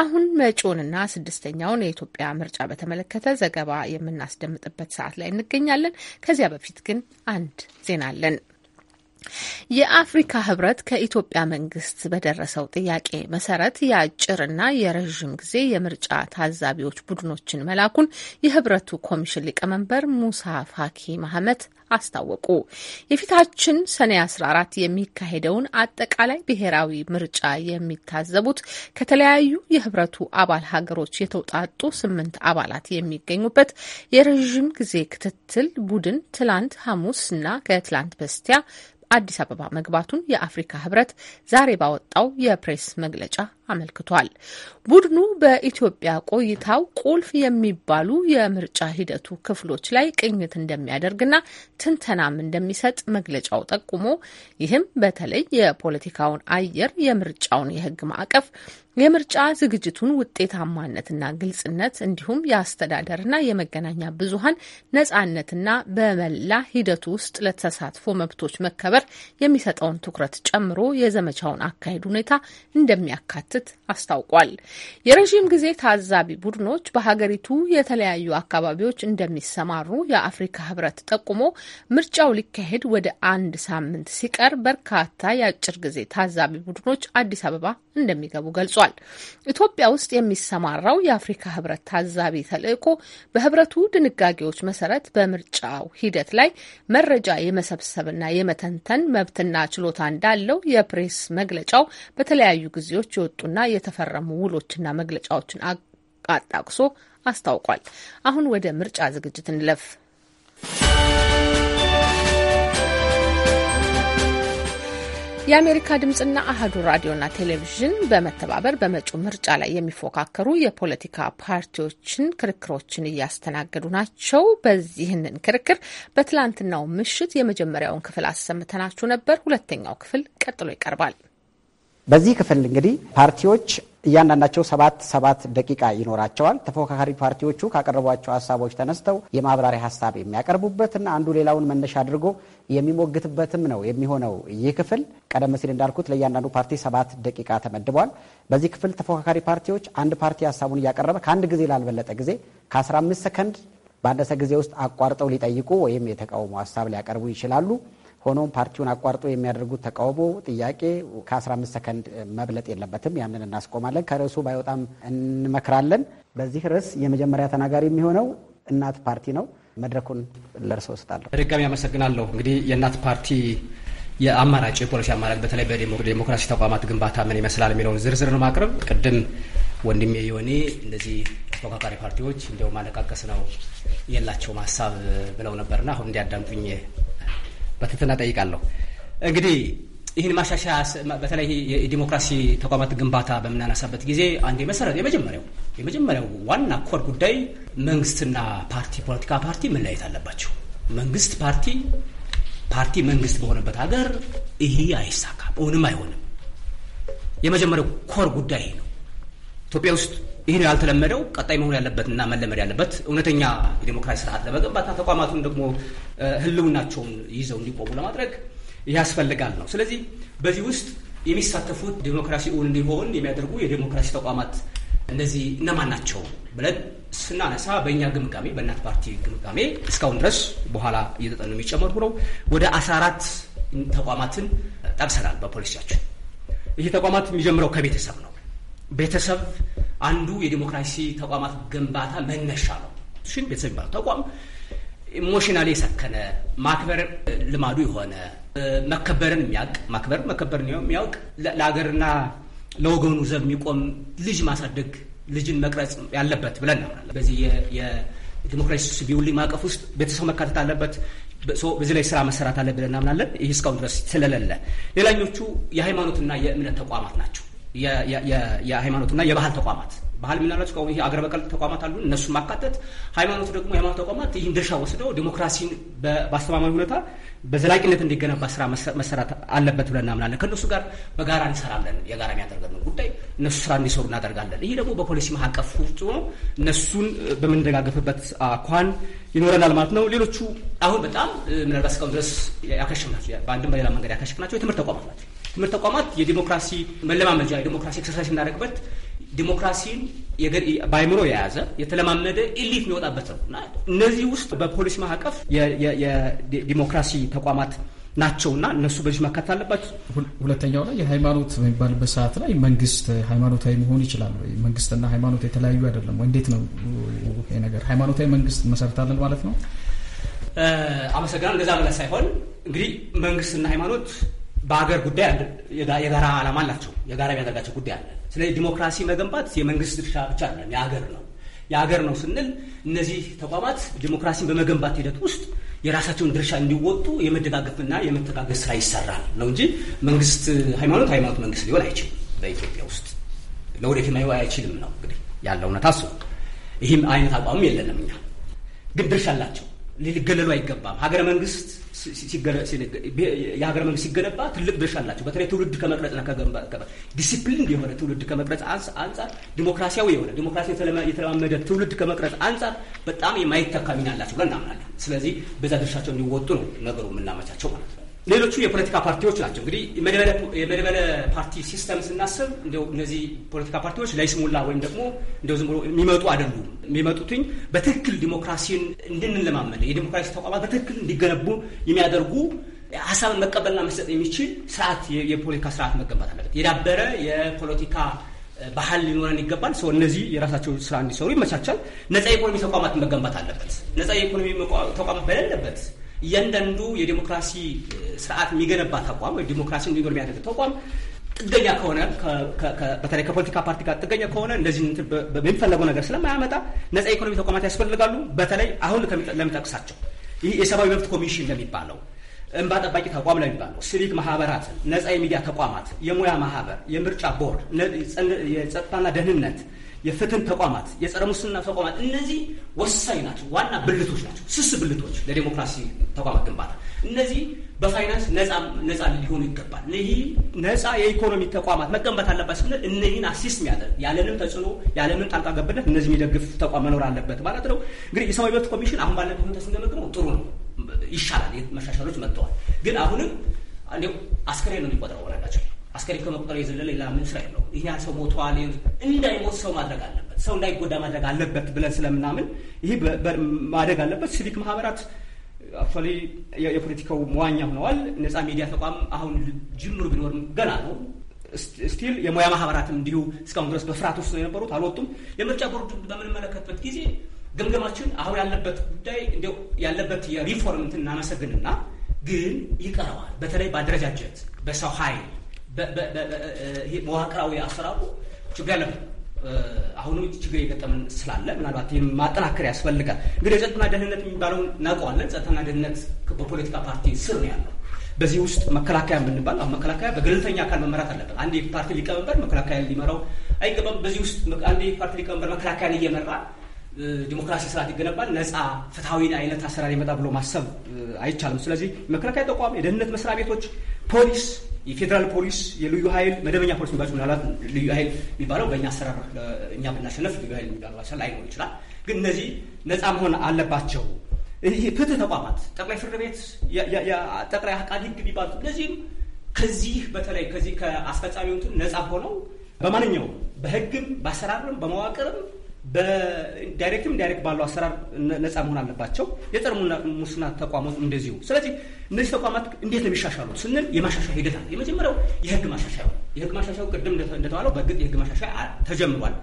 አሁን መጪውንና ስድስተኛውን የኢትዮጵያ ምርጫ በተመለከተ ዘገባ የምናስደምጥበት ሰዓት ላይ እንገኛለን። ከዚያ በፊት ግን አንድ ዜና አለን። የአፍሪካ ህብረት ከኢትዮጵያ መንግስት በደረሰው ጥያቄ መሰረት የአጭርና የረዥም ጊዜ የምርጫ ታዛቢዎች ቡድኖችን መላኩን የህብረቱ ኮሚሽን ሊቀመንበር ሙሳ ፋኪ መሐመት አስታወቁ። የፊታችን ሰኔ 14 የሚካሄደውን አጠቃላይ ብሔራዊ ምርጫ የሚታዘቡት ከተለያዩ የህብረቱ አባል ሀገሮች የተውጣጡ ስምንት አባላት የሚገኙበት የረዥም ጊዜ ክትትል ቡድን ትላንት ሐሙስ እና ከትላንት በስቲያ አዲስ አበባ መግባቱን የአፍሪካ ህብረት ዛሬ ባወጣው የፕሬስ መግለጫ አመልክቷል። ቡድኑ በኢትዮጵያ ቆይታው ቁልፍ የሚባሉ የምርጫ ሂደቱ ክፍሎች ላይ ቅኝት እንደሚያደርግና ትንተናም እንደሚሰጥ መግለጫው ጠቁሞ ይህም በተለይ የፖለቲካውን አየር፣ የምርጫውን የህግ ማዕቀፍ፣ የምርጫ ዝግጅቱን ውጤታማነትና ግልጽነት እንዲሁም የአስተዳደርና የመገናኛ ብዙሀን ነጻነትና በመላ ሂደቱ ውስጥ ለተሳትፎ መብቶች መከበር የሚሰጠውን ትኩረት ጨምሮ የዘመቻውን አካሄድ ሁኔታ እንደሚያካትት እንደሚያካትት አስታውቋል። የረዥም ጊዜ ታዛቢ ቡድኖች በሀገሪቱ የተለያዩ አካባቢዎች እንደሚሰማሩ የአፍሪካ ህብረት ጠቁሞ ምርጫው ሊካሄድ ወደ አንድ ሳምንት ሲቀር በርካታ የአጭር ጊዜ ታዛቢ ቡድኖች አዲስ አበባ እንደሚገቡ ገልጿል። ኢትዮጵያ ውስጥ የሚሰማራው የአፍሪካ ህብረት ታዛቢ ተልእኮ በህብረቱ ድንጋጌዎች መሰረት በምርጫው ሂደት ላይ መረጃ የመሰብሰብና የመተንተን መብትና ችሎታ እንዳለው የፕሬስ መግለጫው በተለያዩ ጊዜዎች የወጡ የተወጡና የተፈረሙ ውሎችና መግለጫዎችን አጣቅሶ አስታውቋል። አሁን ወደ ምርጫ ዝግጅት እንለፍ። የአሜሪካ ድምፅና አህዱ ራዲዮና ቴሌቪዥን በመተባበር በመጪው ምርጫ ላይ የሚፎካከሩ የፖለቲካ ፓርቲዎችን ክርክሮችን እያስተናገዱ ናቸው። በዚህንን ክርክር በትላንትናው ምሽት የመጀመሪያውን ክፍል አሰምተናችሁ ነበር። ሁለተኛው ክፍል ቀጥሎ ይቀርባል። በዚህ ክፍል እንግዲህ ፓርቲዎች እያንዳንዳቸው ሰባት ሰባት ደቂቃ ይኖራቸዋል። ተፎካካሪ ፓርቲዎቹ ካቀረቧቸው ሀሳቦች ተነስተው የማብራሪያ ሀሳብ የሚያቀርቡበትና አንዱ ሌላውን መነሻ አድርጎ የሚሞግትበትም ነው የሚሆነው። ይህ ክፍል ቀደም ሲል እንዳልኩት ለእያንዳንዱ ፓርቲ ሰባት ደቂቃ ተመድቧል። በዚህ ክፍል ተፎካካሪ ፓርቲዎች አንድ ፓርቲ ሀሳቡን እያቀረበ ከአንድ ጊዜ ላልበለጠ ጊዜ ከ15 ሰከንድ ባነሰ ጊዜ ውስጥ አቋርጠው ሊጠይቁ ወይም የተቃውሞ ሀሳብ ሊያቀርቡ ይችላሉ። ሆኖም ፓርቲውን አቋርጦ የሚያደርጉት ተቃውሞ፣ ጥያቄ ከ15 ሰከንድ መብለጥ የለበትም። ያንን እናስቆማለን። ከርዕሱ ባይወጣም እንመክራለን። በዚህ ርዕስ የመጀመሪያ ተናጋሪ የሚሆነው እናት ፓርቲ ነው። መድረኩን ለእርስዎ እሰጣለሁ። በድጋሚ አመሰግናለሁ። እንግዲህ የእናት ፓርቲ የአማራጭ የፖሊሲ አማራጭ በተለይ በዲሞክራሲ ተቋማት ግንባታ ምን ይመስላል የሚለውን ዝርዝር ነው ማቅረብ። ቅድም ወንድሜ የሆኔ እንደዚህ ተፎካካሪ ፓርቲዎች እንዲያው አለቃቀስ ነው የላቸውም ሀሳብ ብለው ነበርና አሁን እንዲያዳምጡኝ በትህትና ጠይቃለሁ። እንግዲህ ይህን ማሻሻያ በተለይ የዲሞክራሲ ተቋማት ግንባታ በምናነሳበት ጊዜ አንድ መሰረት የመጀመሪያው የመጀመሪያው ዋና ኮር ጉዳይ መንግስትና ፓርቲ ፖለቲካ ፓርቲ መለያየት አለባቸው። መንግስት ፓርቲ ፓርቲ መንግስት በሆነበት ሀገር ይሄ አይሳካም፣ እውንም አይሆንም። የመጀመሪያው ኮር ጉዳይ ነው። ኢትዮጵያ ውስጥ ይህን ያልተለመደው ቀጣይ መሆን ያለበትና መለመድ ያለበት እውነተኛ የዴሞክራሲ ስርዓት ለመገንባትና ተቋማቱን ደግሞ ህልውናቸውን ይዘው እንዲቆሙ ለማድረግ ያስፈልጋል ነው። ስለዚህ በዚህ ውስጥ የሚሳተፉት ዴሞክራሲ እውን እንዲሆን የሚያደርጉ የዴሞክራሲ ተቋማት እነዚህ እነማን ናቸው ብለን ስናነሳ በእኛ ግምጋሜ፣ በእናት ፓርቲ ግምጋሜ እስካሁን ድረስ በኋላ እየተጠኑ የሚጨመሩ ነው ወደ አስራ አራት ተቋማትን ጠቅሰናል በፖሊሲያችን። ይህ ተቋማት የሚጀምረው ከቤተሰብ ነው። ቤተሰብ አንዱ የዲሞክራሲ ተቋማት ግንባታ መነሻ ነው። ሽን ቤተሰብ ይባላል። ተቋም ኢሞሽናል የሰከነ ማክበር ልማዱ የሆነ መከበርን የሚያውቅ ማክበር መከበርን የሚያውቅ ለሀገርና ለወገኑ ዘብ የሚቆም ልጅ ማሳደግ ልጅን መቅረጽ ያለበት ብለን እናምናለን። በዚህ የዲሞክራሲ ስ ቢውልኝ ማዕቀፍ ውስጥ ቤተሰብ መካተት አለበት። በዚህ ላይ ስራ መሰራት አለ ብለን እናምናለን። ይህ እስካሁን ድረስ ስለሌለ ሌላኞቹ የሃይማኖትና የእምነት ተቋማት ናቸው። የሃይማኖትና የባህል ተቋማት ባህል የምናላቸው ከሆነ አገር በቀል ተቋማት አሉ፣ እነሱን ማካተት። ሃይማኖት ደግሞ የሃይማኖት ተቋማት ይህን ድርሻ ወስደው ዲሞክራሲን በአስተማማኝ ሁኔታ በዘላቂነት እንዲገነባ ስራ መሰራት አለበት ብለን እናምናለን። ከእነሱ ጋር በጋራ እንሰራለን። የጋራ የሚያደርገን ጉዳይ እነሱ ስራ እንዲሰሩ እናደርጋለን። ይህ ደግሞ በፖሊሲ ማዕቀፍ ውጭ ሆኖ እነሱን በምንደጋገፍበት አኳን ይኖረናል ማለት ነው። ሌሎቹ አሁን በጣም ምናልባት እስካሁን ድረስ ያከሽፍ ናቸው፣ በአንድም በሌላ መንገድ ያከሽፍ ናቸው የትምህርት ተቋማት ናቸው። ትምህርት ተቋማት የዲሞክራሲ መለማመጃ የዲሞክራሲ ኤክሰርሳይዝ እናደርግበት ዲሞክራሲን በአይምሮ የያዘ የተለማመደ ኢሊት የሚወጣበት ነው እና እነዚህ ውስጥ በፖሊሲ ማዕቀፍ የዲሞክራሲ ተቋማት ናቸውና እነሱ በዚህ መካት አለባቸው። ሁለተኛው ላይ የሃይማኖት በሚባልበት ሰዓት ላይ መንግስት ሃይማኖታዊ መሆን ይችላል። መንግስትና ሃይማኖት የተለያዩ አይደለም። እንዴት ነው ይሄ ነገር? ሃይማኖታዊ መንግስት መሰረታለን ማለት ነው። አመሰግናል። እንደዛ ብለ ሳይሆን እንግዲህ መንግስትና ሃይማኖት በሀገር ጉዳይ የጋራ ዓላማ አላቸው። የጋራ የሚያደርጋቸው ጉዳይ አለ። ስለዚህ ዲሞክራሲ መገንባት የመንግስት ድርሻ ብቻ አይደለም፣ የሀገር ነው። የሀገር ነው ስንል እነዚህ ተቋማት ዲሞክራሲን በመገንባት ሂደት ውስጥ የራሳቸውን ድርሻ እንዲወጡ የመደጋገፍና የመተጋገዝ ስራ ይሰራል ነው እንጂ መንግስት ሃይማኖት ሃይማኖት መንግስት ሊሆን አይችልም። በኢትዮጵያ ውስጥ ለወደፊት ማየ አይችልም ነው እንግዲህ ያለው እውነታ እሱ። ይህም አይነት አቋምም የለንም እኛ ግን ድርሻ አላቸው ሊገለሉ አይገባም። ሀገረ መንግስት የሀገር መንግስት ሲገነባ ትልቅ ድርሻ አላቸው። በተለይ ትውልድ ከመቅረጽና ዲሲፕሊን የሆነ ትውልድ ከመቅረጽ አንጻር ዲሞክራሲያዊ የሆነ ዲሞክራሲ የተለማመደ ትውልድ ከመቅረጽ አንጻር በጣም የማይተካ ሚና አላቸው ብለን እናምናለን። ስለዚህ በዛ ድርሻቸው እንዲወጡ ነው ነገሩ የምናመቻቸው ማለት ነው። ሌሎቹ የፖለቲካ ፓርቲዎች ናቸው። እንግዲህ የመድበለ ፓርቲ ሲስተም ስናስብ እንዲያው እነዚህ ፖለቲካ ፓርቲዎች ለይስሙላ ወይም ደግሞ እንዲያው ዝም ብሎ የሚመጡ አይደሉም። የሚመጡትኝ በትክክል ዲሞክራሲን እንድንለማመድ የዲሞክራሲ ተቋማት በትክክል እንዲገነቡ የሚያደርጉ ሀሳብን መቀበልና መስጠት የሚችል ስርዓት የፖለቲካ ስርዓት መገንባት አለበት። የዳበረ የፖለቲካ ባህል ሊኖረን ይገባል። ሰው እነዚህ የራሳቸው ስራ እንዲሰሩ ይመቻቻል። ነፃ የኢኮኖሚ ተቋማት መገንባት አለበት። ነፃ የኢኮኖሚ ተቋማት በሌለበት እያንዳንዱ የዲሞክራሲ ስርዓት የሚገነባ ተቋም ወይም ዲሞክራሲ እንዲኖር የሚያደርግ ተቋም ጥገኛ ከሆነ በተለይ ከፖለቲካ ፓርቲ ጋር ጥገኛ ከሆነ እንደዚህ በሚፈለገው ነገር ስለማያመጣ ነፃ የኢኮኖሚ ተቋማት ያስፈልጋሉ። በተለይ አሁን ለሚጠቅሳቸው ይህ የሰብአዊ መብት ኮሚሽን ለሚባለው እንባ ጠባቂ ተቋም ለሚባለው ሲቪክ ማህበራትን፣ ነፃ የሚዲያ ተቋማት፣ የሙያ ማህበር፣ የምርጫ ቦርድ፣ የጸጥታና ደህንነት የፍትህን ተቋማት፣ የጸረ ሙስና ተቋማት እነዚህ ወሳኝ ናቸው። ዋና ብልቶች ናቸው፣ ስስ ብልቶች ለዴሞክራሲ ተቋማት ግንባታ። እነዚህ በፋይናንስ ነጻ ሊሆኑ ይገባል። ይህ ነጻ የኢኮኖሚ ተቋማት መገንባት አለባት ስንል እነህን አሲስት የሚያደርግ ያለንም ተጽዕኖ ያለምንም ጣልቃ ገብነት እነዚህ የሚደግፍ ተቋም መኖር አለበት ማለት ነው። እንግዲህ የሰብአዊ መብት ኮሚሽን አሁን ባለበት ሁኔታ ስንገመግመው ጥሩ ነው፣ ይሻላል፣ መሻሻሎች መጥተዋል። ግን አሁንም አስከሬን ነው የሚቆጥረው ወላዳቸው አስከሬን ከመቁጠር የዘለለ ሌላ ምን ስራ የለውም። ይህን ያህል ሰው ሞተዋል እንዳይሞት ሰው ማድረግ አለበት፣ ሰው እንዳይጎዳ ማድረግ አለበት ብለን ስለምናምን ይሄ ማደግ አለበት። ሲቪክ ማህበራት አክቹዋሊ የፖለቲካው መዋኛ ሆነዋል። ነፃ ሚዲያ ተቋም አሁን ጅምር ቢኖርም ገና ነው። ስቲል የሙያ ማህበራትም እንዲሁ እስካሁን ድረስ በፍርሃት ውስጥ ነው የነበሩት፣ አልወጡም። የምርጫ ቦርድ በምንመለከትበት ጊዜ ግምገማችን አሁን ያለበት ጉዳይ እንዲያው ያለበት የሪፎርም እንትን እናመሰግንና ግን ይቀረዋል። በተለይ በአደረጃጀት በሰው ኃይል ይሄ መዋቅራዊ አሰራሩ ችግር ያለበት አሁንም ችግር የገጠመን ስላለ ምናልባት ይህም ማጠናከር ያስፈልጋል። እንግዲህ የጸጥታና ደህንነት የሚባለውን እናውቀዋለን። ጸጥታና ደህንነት በፖለቲካ ፓርቲ ስር ነው ያለው። በዚህ ውስጥ መከላከያ የምንባል አሁን መከላከያ በገለልተኛ አካል መመራት አለበት። አንድ የፓርቲ ሊቀመንበር መከላከያ ሊመራው አይገባም። በዚህ ውስጥ አንድ የፓርቲ ሊቀመንበር መከላከያን እየመራ ዲሞክራሲ ስርዓት ይገነባል፣ ነፃ ፍትሐዊ አይነት አሰራር ይመጣ ብሎ ማሰብ አይቻልም። ስለዚህ መከላከያ ተቋም፣ የደህንነት መስሪያ ቤቶች፣ ፖሊስ፣ የፌዴራል ፖሊስ፣ የልዩ ኃይል፣ መደበኛ ፖሊስ የሚባሉ ምናልባት ልዩ ኃይል የሚባለው በእኛ አሰራር እኛ ብናሸነፍ ልዩ ኃይል የሚባለው አሰራር ላይኖር ይችላል። ግን እነዚህ ነፃ መሆን አለባቸው። ይህ ፍትህ ተቋማት፣ ጠቅላይ ፍርድ ቤት፣ ጠቅላይ አቃቢ ህግ የሚባሉት እነዚህም ከዚህ በተለይ ከዚህ ከአስፈጻሚው ነፃ ሆነው በማንኛውም በህግም በአሰራርም በመዋቅርም በዳይሬክትም ዳይሬክት ባለው አሰራር ነፃ መሆን አለባቸው። የጸረ ሙስና ተቋማት እንደዚሁ። ስለዚህ እነዚህ ተቋማት እንዴት ነው የሚሻሻሉ ስንል የማሻሻያ ሂደት አለ። የመጀመሪያው የህግ ማሻሻያ የህግ ማሻሻያው ቅድም እንደተባለው በእርግጥ የህግ ማሻሻያ ተጀምሯል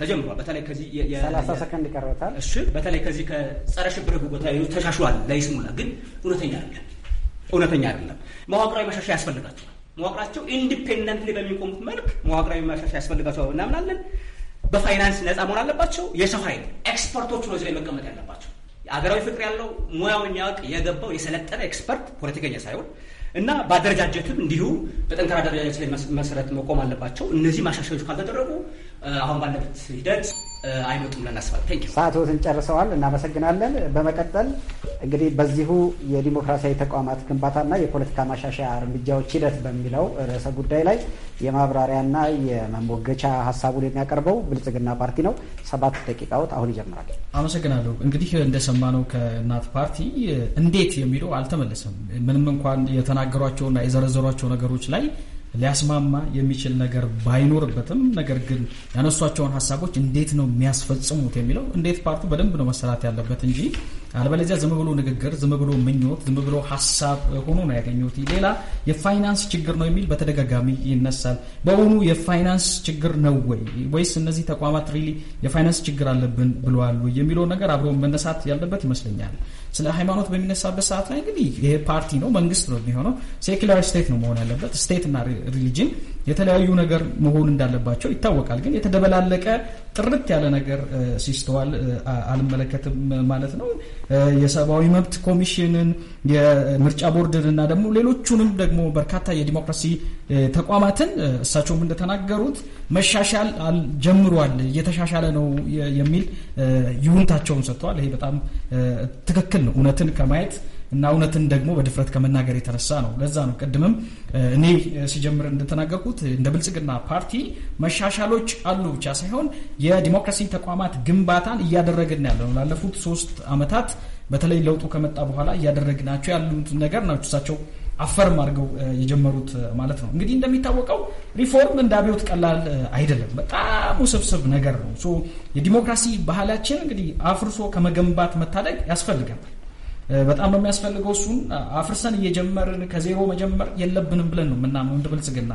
ተጀምሯል። በተለይ ከዚህ ሰላሳ ሰከንድ ይቀርበታል። እሺ በተለይ ከዚህ ከጸረ ሽብር ህግ ቦታ ተሻሽሏል። ላይስሙላ ግን እውነተኛ አይደለም፣ እውነተኛ አይደለም። መዋቅራዊ ማሻሻያ ያስፈልጋቸዋል። መዋቅራቸው ኢንዲፔንደንትሊ በሚቆሙት መልክ መዋቅራዊ ማሻሻያ ያስፈልጋቸዋል እናምናለን። በፋይናንስ ነፃ መሆን አለባቸው። የሰው ኃይል ኤክስፐርቶቹ ነው እዚህ ላይ መቀመጥ ያለባቸው። አገራዊ ፍቅር ያለው ሙያውን የሚያውቅ የገባው የሰለጠነ ኤክስፐርት ፖለቲከኛ ሳይሆን እና በአደረጃጀትም እንዲሁ በጠንካራ አደረጃጀት ላይ መሰረት መቆም አለባቸው። እነዚህ ማሻሻዮች ካልተደረጉ አሁን ባለበት ሂደት አይመጡም ብለን እናስባለን። ሰዓትዎትን ጨርሰዋል፣ እናመሰግናለን። በመቀጠል እንግዲህ በዚሁ የዲሞክራሲያዊ ተቋማት ግንባታና የፖለቲካ ማሻሻያ እርምጃዎች ሂደት በሚለው ርዕሰ ጉዳይ ላይ የማብራሪያና የመሞገቻ ሀሳቡን የሚያቀርበው ብልጽግና ፓርቲ ነው። ሰባት ደቂቃዎት አሁን ይጀምራል። አመሰግናለሁ። እንግዲህ እንደሰማነው ከእናት ፓርቲ እንዴት የሚለው አልተመለሰም። ምንም እንኳን የተናገሯቸውና የዘረዘሯቸው ነገሮች ላይ ሊያስማማ የሚችል ነገር ባይኖርበትም ነገር ግን ያነሷቸውን ሀሳቦች እንዴት ነው የሚያስፈጽሙት የሚለው እንዴት ፓርቱ በደንብ ነው መሰራት ያለበት እንጂ አለበለዚያ ዝም ብሎ ንግግር፣ ዝም ብሎ ምኞት፣ ዝም ብሎ ሀሳብ ሆኖ ነው ያገኘሁት። ሌላ የፋይናንስ ችግር ነው የሚል በተደጋጋሚ ይነሳል። በእውኑ የፋይናንስ ችግር ነው ወይ ወይስ እነዚህ ተቋማት ሪሊ የፋይናንስ ችግር አለብን ብለዋል የሚለው ነገር አብሮ መነሳት ያለበት ይመስለኛል። ስለ ሃይማኖት በሚነሳበት ሰዓት ላይ እንግዲህ ይሄ ፓርቲ ነው መንግስት ነው የሚሆነው ሴኩላር ስቴት ነው መሆን ያለበት ስቴት እና ሪሊጅን የተለያዩ ነገር መሆን እንዳለባቸው ይታወቃል። ግን የተደበላለቀ ጥርት ያለ ነገር ሲስተዋል አልመለከትም ማለት ነው። የሰብአዊ መብት ኮሚሽንን የምርጫ ቦርድን እና ደግሞ ሌሎቹንም ደግሞ በርካታ የዲሞክራሲ ተቋማትን እሳቸውም እንደተናገሩት መሻሻል ጀምሯል፣ እየተሻሻለ ነው የሚል ይሁንታቸውን ሰጥተዋል። ይሄ በጣም ትክክል ነው እውነትን ከማየት እና እውነትን ደግሞ በድፍረት ከመናገር የተነሳ ነው። ለዛ ነው ቅድምም እኔ ሲጀምር እንደተናገርኩት እንደ ብልጽግና ፓርቲ መሻሻሎች አሉ ብቻ ሳይሆን የዲሞክራሲ ተቋማት ግንባታን እያደረግን ያለ ነው። ላለፉት ሶስት ዓመታት በተለይ ለውጡ ከመጣ በኋላ እያደረግናቸው ያሉት ነገር ናቸው እሳቸው አፈርም አድርገው የጀመሩት ማለት ነው። እንግዲህ እንደሚታወቀው ሪፎርም እንደ አብዮት ቀላል አይደለም። በጣም ውስብስብ ነገር ነው። የዲሞክራሲ ባህላችን እንግዲህ አፍርሶ ከመገንባት መታደግ ያስፈልጋል። በጣም ነው የሚያስፈልገው። እሱን አፍርሰን እየጀመርን ከዜሮ መጀመር የለብንም ብለን ነው የምናምነው እንደ ብልጽግና።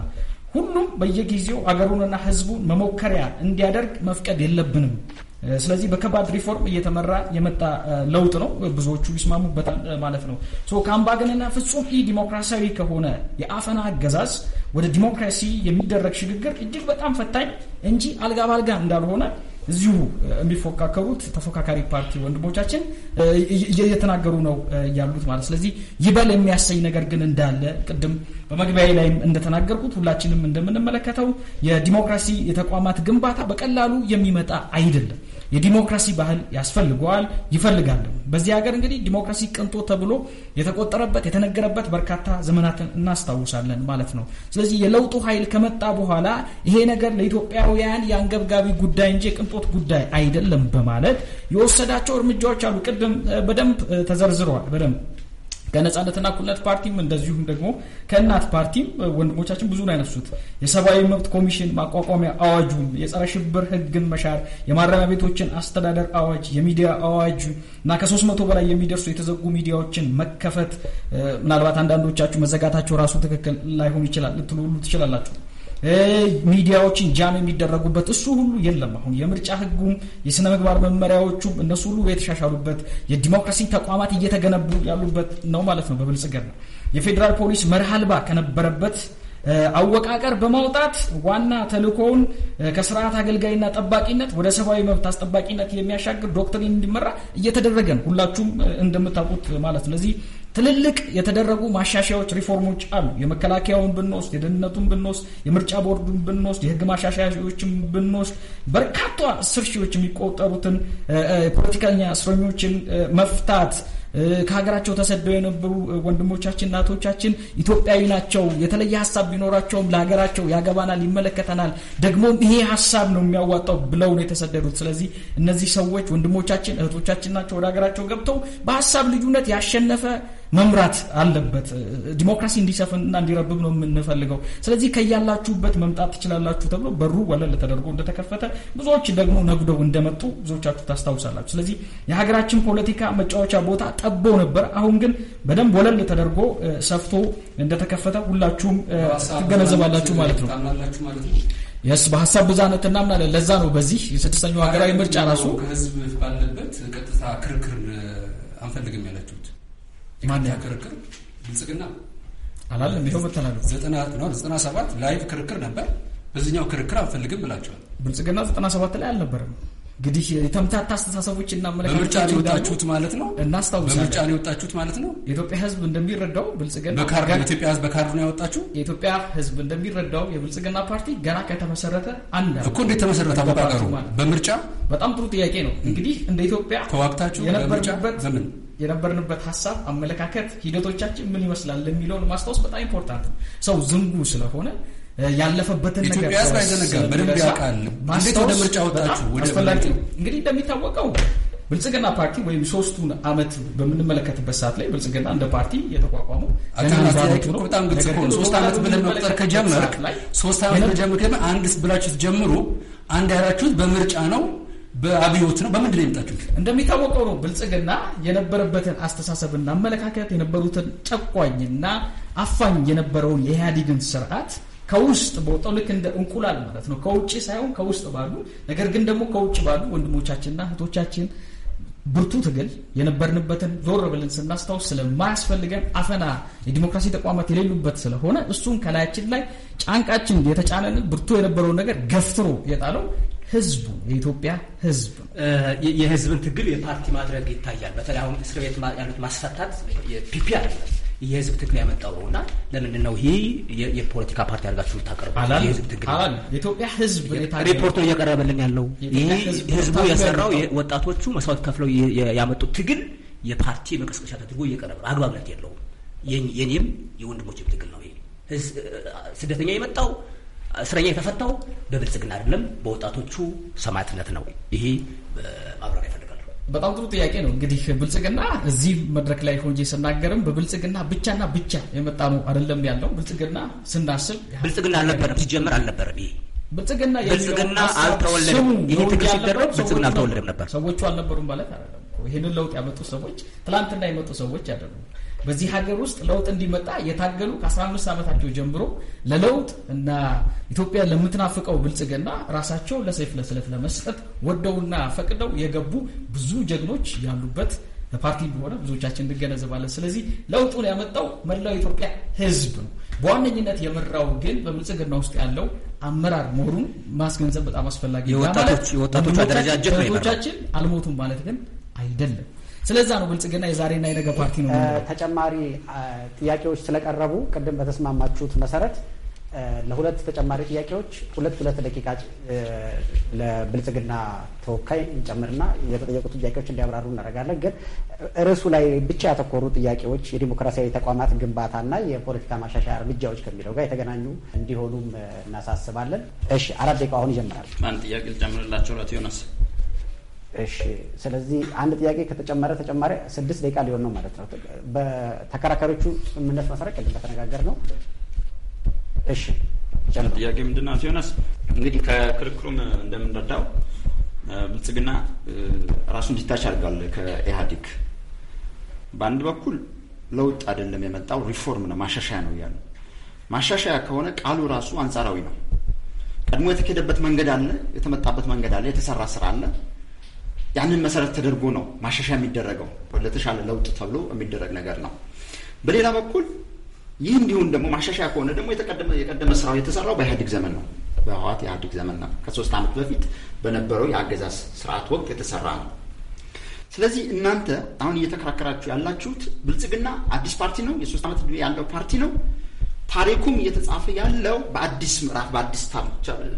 ሁሉም በየጊዜው አገሩንና ህዝቡን መሞከሪያ እንዲያደርግ መፍቀድ የለብንም። ስለዚህ በከባድ ሪፎርም እየተመራ የመጣ ለውጥ ነው፣ ብዙዎቹ ይስማሙበታል ማለት ነው። ከአምባገነንና ፍጹም ኢ ዲሞክራሲያዊ ከሆነ የአፈና አገዛዝ ወደ ዲሞክራሲ የሚደረግ ሽግግር እጅግ በጣም ፈታኝ እንጂ አልጋ ባልጋ እንዳልሆነ እዚሁ የሚፎካከሩት ተፎካካሪ ፓርቲ ወንድሞቻችን እየተናገሩ ነው ያሉት ማለት። ስለዚህ ይበል የሚያሰኝ ነገር ግን እንዳለ ቅድም በመግቢያዬ ላይ እንደተናገርኩት ሁላችንም እንደምንመለከተው የዲሞክራሲ የተቋማት ግንባታ በቀላሉ የሚመጣ አይደለም። የዲሞክራሲ ባህል ያስፈልገዋል፣ ይፈልጋል። በዚህ ሀገር እንግዲህ ዲሞክራሲ ቅንጦ ተብሎ የተቆጠረበት የተነገረበት በርካታ ዘመናትን እናስታውሳለን ማለት ነው። ስለዚህ የለውጡ ኃይል ከመጣ በኋላ ይሄ ነገር ለኢትዮጵያውያን የአንገብጋቢ ጉዳይ እንጂ የቅንጦት ጉዳይ አይደለም በማለት የወሰዳቸው እርምጃዎች አሉ። ቅድም በደንብ ተዘርዝረዋል። በደንብ ከነጻነትና እኩልነት ፓርቲም እንደዚሁም ደግሞ ከእናት ፓርቲም ወንድሞቻችን ብዙ ያነሱት። የሰብአዊ መብት ኮሚሽን ማቋቋሚያ አዋጁን፣ የጸረ ሽብር ህግን መሻር፣ የማረሚያ ቤቶችን አስተዳደር አዋጅ፣ የሚዲያ አዋጅ እና ከሶስት መቶ በላይ የሚደርሱ የተዘጉ ሚዲያዎችን መከፈት ምናልባት አንዳንዶቻችሁ መዘጋታቸው ራሱ ትክክል ላይሆን ይችላል ልትሉ ትችላላችሁ። ሚዲያዎችን ጃም የሚደረጉበት እሱ ሁሉ የለም። አሁን የምርጫ ህጉም የስነ ምግባር መመሪያዎቹም እነሱ ሁሉ የተሻሻሉበት የዲሞክራሲ ተቋማት እየተገነቡ ያሉበት ነው ማለት ነው። በብልጽግና የፌዴራል ፖሊስ መርህ አልባ ከነበረበት አወቃቀር በማውጣት ዋና ተልእኮውን ከስርዓት አገልጋይና ጠባቂነት ወደ ሰብአዊ መብት አስጠባቂነት የሚያሻግር ዶክትሪን እንዲመራ እየተደረገ ነው። ሁላችሁም እንደምታውቁት ማለት ነው። እዚህ ትልልቅ የተደረጉ ማሻሻያዎች፣ ሪፎርሞች አሉ። የመከላከያውን ብንወስድ፣ የደህንነቱን ብንወስድ፣ የምርጫ ቦርዱን ብንወስድ፣ የህግ ማሻሻያዎችን ብንወስድ በርካታ አስር ሺዎች የሚቆጠሩትን የፖለቲከኛ እስረኞችን መፍታት ከሀገራቸው ተሰደው የነበሩ ወንድሞቻችን እናቶቻችን ኢትዮጵያዊ ናቸው። የተለየ ሀሳብ ቢኖራቸውም ለሀገራቸው ያገባናል፣ ይመለከተናል፣ ደግሞም ይሄ ሀሳብ ነው የሚያዋጣው ብለው ነው የተሰደዱት። ስለዚህ እነዚህ ሰዎች ወንድሞቻችን እህቶቻችን ናቸው። ወደ ሀገራቸው ገብተው በሀሳብ ልዩነት ያሸነፈ መምራት አለበት። ዲሞክራሲ እንዲሰፍንና እንዲረብብ ነው የምንፈልገው። ስለዚህ ከያላችሁበት መምጣት ትችላላችሁ ተብሎ በሩ ወለል ተደርጎ እንደተከፈተ ብዙዎች ደግሞ ነጉደው እንደመጡ ብዙዎቻችሁ ታስታውሳላችሁ። ስለዚህ የሀገራችን ፖለቲካ መጫወቻ ቦታ ጠቦ ነበር። አሁን ግን በደንብ ወለል ተደርጎ ሰፍቶ እንደተከፈተ ሁላችሁም ትገነዘባላችሁ ማለት ነው። የስ በሀሳብ ብዛነት እናምናለን። ለዛ ነው በዚህ የስድስተኛው ሀገራዊ ምርጫ ራሱ ህዝብ ባለበት ቀጥታ ክርክር አንፈልግም ያላችሁት ማን ያ ክርክር ብልጽግና አላለም። ይኸው መተላለፍ ዘጠና ሰባት ላይቭ ክርክር ነበር። በዚህኛው ክርክር አንፈልግም ብላቸዋል። ብልጽግና ዘጠና ሰባት ላይ አልነበረም። እንግዲህ የተምታታ አስተሳሰቦች እና በምርጫ ነው የወጣችሁት ማለት ነው። እናስታውሳለን። በምርጫ ነው የወጣችሁት ማለት ነው። የኢትዮጵያ ሕዝብ እንደሚረዳው ብልጽግና ኢትዮጵያ ሕዝብ በካርድ ነው ያወጣችሁ። የኢትዮጵያ ሕዝብ እንደሚረዳው የብልጽግና ፓርቲ ገና ከተመሰረተ አንድ እኮ እንዴት ተመሰረተ? አበቃቀሩ በምርጫ በጣም ጥሩ ጥያቄ ነው። እንግዲህ እንደ ኢትዮጵያ ተዋግታችሁ የነበርበት ዘመን የነበርንበት ሀሳብ፣ አመለካከት፣ ሂደቶቻችን ምን ይመስላል የሚለውን ማስታወስ በጣም ኢምፖርታንት ነው። ሰው ዝንጉ ስለሆነ ያለፈበትን ነገር እንግዲህ እንደሚታወቀው ብልጽግና ፓርቲ ወይም ሶስቱን አመት በምንመለከትበት ሰዓት ላይ ብልጽግና እንደ ፓርቲ የተቋቋመው በጣም ሶስት ዓመት ብለን መቁጠር ከጀመር ሶስት ዓመት ከጀመርክ አንድ ብላችሁ ጀምሩ አንድ ያላችሁት በምርጫ ነው በአብዮት ነው በምንድን ነው እንደሚታወቀው ነው ብልጽግና የነበረበትን አስተሳሰብና አመለካከት የነበሩትን ጨቋኝና አፋኝ የነበረውን የኢህአዴግን ስርዓት ከውስጥ በወጣው ልክ እንደ እንቁላል ማለት ነው ከውጭ ሳይሆን ከውስጥ ባሉ ነገር ግን ደግሞ ከውጭ ባሉ ወንድሞቻችንና እህቶቻችን ብርቱ ትግል የነበርንበትን ዞር ብለን ስናስታውስ ስለማያስፈልገን አፈና የዲሞክራሲ ተቋማት የሌሉበት ስለሆነ እሱን ከላያችን ላይ ጫንቃችን የተጫነንን ብርቱ የነበረውን ነገር ገፍትሮ የጣለው ህዝቡ የኢትዮጵያ ህዝብ የህዝብን ትግል የፓርቲ ማድረግ ይታያል። በተለይ አሁን እስር ቤት ያሉት ማስፈታት የፒፒ አይደለም የህዝብ ትግል ያመጣው ነው እና ለምንድን ነው ይህ የፖለቲካ ፓርቲ አድርጋችሁ ልታቀርቡ? የህዝብ ትግል የኢትዮጵያ ህዝብ እየቀረበልን ያለው ይህ ህዝቡ የሰራው ወጣቶቹ መስዋዕት ከፍለው ያመጡት ትግል የፓርቲ መቀስቀሻ ተድርጎ እየቀረበ አግባብነት የለውም። የኔም የወንድሞችም ትግል ነው። ስደተኛ የመጣው እስረኛ የተፈታው በብልጽግና አይደለም፣ በወጣቶቹ ሰማዕትነት ነው። ይሄ ማብራሪያ ይፈልጋል። በጣም ጥሩ ጥያቄ ነው። እንግዲህ ብልጽግና እዚህ መድረክ ላይ ሆኜ ስናገርም በብልጽግና ብቻና ብቻ የመጣ ነው አይደለም ያለው ብልጽግና ስናስብ ብልጽግና አልነበረም፣ ሲጀምር አልነበረም። ይሄ ብልጽግና ብልጽግና አልተወለደም። ይሄ ትግል ሲደረግ ብልጽግና አልተወለደም ነበር። ሰዎቹ አልነበሩም ማለት አይደለም። ይህንን ለውጥ ያመጡ ሰዎች ትላንትና የመጡ ሰዎች አይደሉም። በዚህ ሀገር ውስጥ ለውጥ እንዲመጣ የታገሉ ከ15 ዓመታቸው ጀምሮ ለለውጥ እና ኢትዮጵያ ለምትናፍቀው ብልጽግና ራሳቸው ለሰይፍ ለስለት ለመስጠት ወደውና ፈቅደው የገቡ ብዙ ጀግኖች ያሉበት ለፓርቲ በሆነ ብዙዎቻችን እንገነዘባለን። ስለዚህ ለውጡን ያመጣው መላው ኢትዮጵያ ሕዝብ ነው። በዋነኝነት የመራው ግን በብልጽግና ውስጥ ያለው አመራር መሆኑን ማስገንዘብ በጣም አስፈላጊ ነው። አደረጃጀት ነው። አልሞቱም ማለት ግን አይደለም። ስለዛ ነው ብልጽግና የዛሬና የነገ ፓርቲ ነው። ተጨማሪ ጥያቄዎች ስለቀረቡ ቅድም በተስማማችሁት መሰረት ለሁለት ተጨማሪ ጥያቄዎች ሁለት ሁለት ደቂቃ ለብልጽግና ተወካይ እንጨምርና የተጠየቁት ጥያቄዎች እንዲያብራሩ እናደርጋለን። ግን ርዕሱ ላይ ብቻ ያተኮሩ ጥያቄዎች የዲሞክራሲያዊ ተቋማት ግንባታና የፖለቲካ ማሻሻያ እርምጃዎች ከሚለው ጋር የተገናኙ እንዲሆኑም እናሳስባለን። እሺ፣ አራት ደቂቃ አሁን ይጀምራል። አንድ ጥያቄ ልጨምርላቸው ላት ዮናስ እሺ ስለዚህ አንድ ጥያቄ ከተጨመረ ተጨማሪ ስድስት ደቂቃ ሊሆን ነው ማለት ነው። በተከራካሪዎቹ ስምምነት መሰረት ቅድም በተነጋገር ነው። እሺ ጥያቄ ምንድን ነው? እንግዲህ ከክርክሩም እንደምንረዳው ብልጽግና ራሱ እንዲታች አድርጓል ከኢህአዲግ በአንድ በኩል ለውጥ አይደለም የመጣው ሪፎርም ነው ማሻሻያ ነው እያሉ ማሻሻያ ከሆነ ቃሉ ራሱ አንጻራዊ ነው። ቀድሞ የተኬደበት መንገድ አለ፣ የተመጣበት መንገድ አለ፣ የተሰራ ስራ አለ ያንን መሰረት ተደርጎ ነው ማሻሻያ የሚደረገው ለተሻለ ለውጥ ተብሎ የሚደረግ ነገር ነው። በሌላ በኩል ይህ እንዲሁን ደግሞ ማሻሻያ ከሆነ ደግሞ የቀደመ ስራው የተሰራው በኢህአዴግ ዘመን ነው፣ በህዋት የኢህአዴግ ዘመን ነው። ከሶስት ዓመት በፊት በነበረው የአገዛዝ ስርዓት ወቅት የተሰራ ነው። ስለዚህ እናንተ አሁን እየተከራከራችሁ ያላችሁት ብልጽግና አዲስ ፓርቲ ነው፣ የሶስት ዓመት ዕድሜ ያለው ፓርቲ ነው። ታሪኩም እየተጻፈ ያለው በአዲስ ምዕራፍ በአዲስ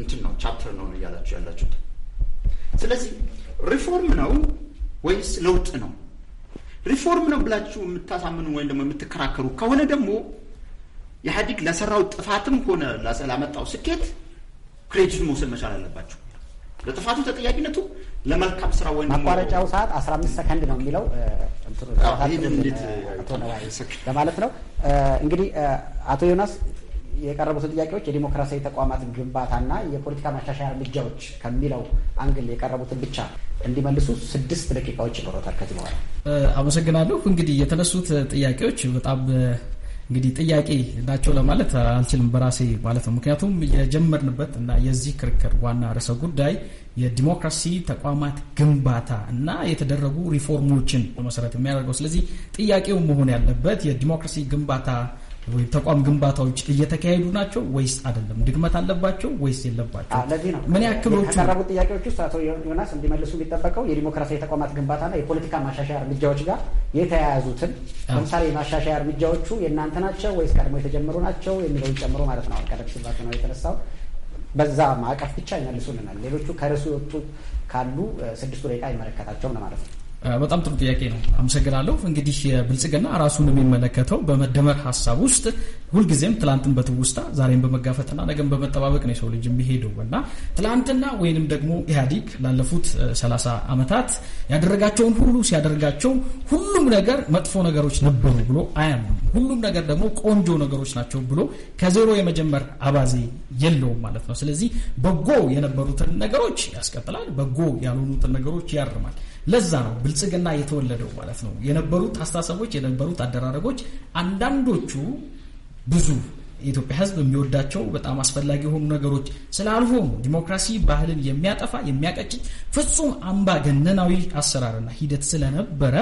እንትን ነው ቻፕተር ነው እያላችሁ ያላችሁት ስለዚህ ሪፎርም ነው ወይስ ለውጥ ነው? ሪፎርም ነው ብላችሁ የምታሳምኑ ወይም ደግሞ የምትከራከሩ ከሆነ ደግሞ ኢህአዲግ ለሰራው ጥፋትም ሆነ ላመጣው ስኬት ክሬዲቱን መውሰድ መቻል አለባቸው። ለጥፋቱ ተጠያቂነቱ ለመልካም ስራ ወይም ማቋረጫው ሰዓት 15 ሰከንድ ነው የሚለው ለማለት ነው። እንግዲህ አቶ ዮናስ የቀረቡትን ጥያቄዎች የዲሞክራሲያዊ ተቋማት ግንባታና የፖለቲካ ማሻሻያ እርምጃዎች ከሚለው አንግል የቀረቡትን ብቻ እንዲመልሱ ስድስት ደቂቃዎች ይኖረታል። ከዚህ በኋላ አመሰግናለሁ። እንግዲህ የተነሱት ጥያቄዎች በጣም እንግዲህ ጥያቄ ናቸው ለማለት አልችልም በራሴ ማለት ነው። ምክንያቱም የጀመርንበት እና የዚህ ክርክር ዋና ርዕሰ ጉዳይ የዲሞክራሲ ተቋማት ግንባታ እና የተደረጉ ሪፎርሞችን መሰረት የሚያደርገው ስለዚህ ጥያቄው መሆን ያለበት የዲሞክራሲ ግንባታ ተቋም ግንባታዎች እየተካሄዱ ናቸው ወይስ አይደለም? ድግመት አለባቸው ወይስ የለባቸው? ለዚህ ነው ምን ያክሎቹ ጥያቄዎች ውስጥ አቶ ዮናስ እንዲመልሱ የሚጠበቀው የዲሞክራሲያዊ ተቋማት ግንባታና የፖለቲካ ማሻሻያ እርምጃዎች ጋር የተያያዙትን ለምሳሌ የማሻሻያ እርምጃዎቹ የእናንተ ናቸው ወይስ ቀድሞ የተጀመሩ ናቸው የሚለውን ጨምሮ ማለት ነው። ቀደም ሲልባቸው ነው የተነሳው። በዛ ማዕቀፍ ብቻ ይመልሱልናል። ሌሎቹ ከርዕሱ የወጡ ካሉ ስድስቱ ደቂቃ አይመለከታቸውም ለማለት ነው። በጣም ጥሩ ጥያቄ ነው። አመሰግናለሁ። እንግዲህ ብልጽግና ራሱን የሚመለከተው በመደመር ሀሳብ ውስጥ ሁልጊዜም ትላንትን በትውስታ ዛሬን በመጋፈጥና ነገን በመጠባበቅ ነው የሰው ልጅ የሚሄደው እና ትላንትና ወይንም ደግሞ ኢህአዲግ ላለፉት ሰላሳ ዓመታት ያደረጋቸውን ሁሉ ሲያደርጋቸው ሁሉም ነገር መጥፎ ነገሮች ነበሩ ብሎ አያምኑም። ሁሉም ነገር ደግሞ ቆንጆ ነገሮች ናቸው ብሎ ከዜሮ የመጀመር አባዜ የለውም ማለት ነው። ስለዚህ በጎ የነበሩትን ነገሮች ያስቀጥላል፣ በጎ ያልሆኑትን ነገሮች ያርማል። ለዛ ነው ብልጽግና የተወለደው ማለት ነው። የነበሩት አስተሳሰቦች የነበሩት አደራረጎች አንዳንዶቹ ብዙ የኢትዮጵያ ሕዝብ የሚወዳቸው በጣም አስፈላጊ የሆኑ ነገሮች ስላልሆኑ ዲሞክራሲ ባህልን የሚያጠፋ የሚያቀጭጭ ፍጹም አምባገነናዊ አሰራርና ሂደት ስለነበረ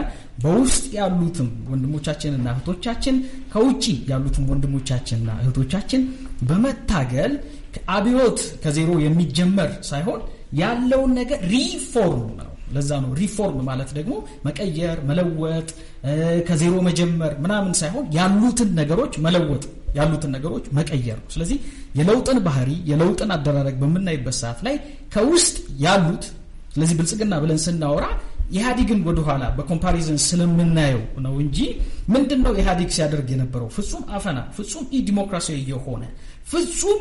በውስጥ ያሉትም ወንድሞቻችንና እህቶቻችን ከውጭ ያሉትም ወንድሞቻችንና እህቶቻችን በመታገል አብዮት ከዜሮ የሚጀመር ሳይሆን ያለውን ነገር ሪፎርም ነው ለዛ ነው ሪፎርም ማለት ደግሞ መቀየር፣ መለወጥ፣ ከዜሮ መጀመር ምናምን ሳይሆን ያሉትን ነገሮች መለወጥ፣ ያሉትን ነገሮች መቀየር ነው። ስለዚህ የለውጥን ባህሪ የለውጥን አደራረግ በምናይበት ሰዓት ላይ ከውስጥ ያሉት ስለዚህ ብልጽግና ብለን ስናወራ ኢህአዲግን ወደኋላ በኮምፓሪዝን ስለምናየው ነው እንጂ ምንድን ነው ኢህአዲግ ሲያደርግ የነበረው ፍጹም አፈና፣ ፍጹም ኢዲሞክራሲያዊ የሆነ ፍጹም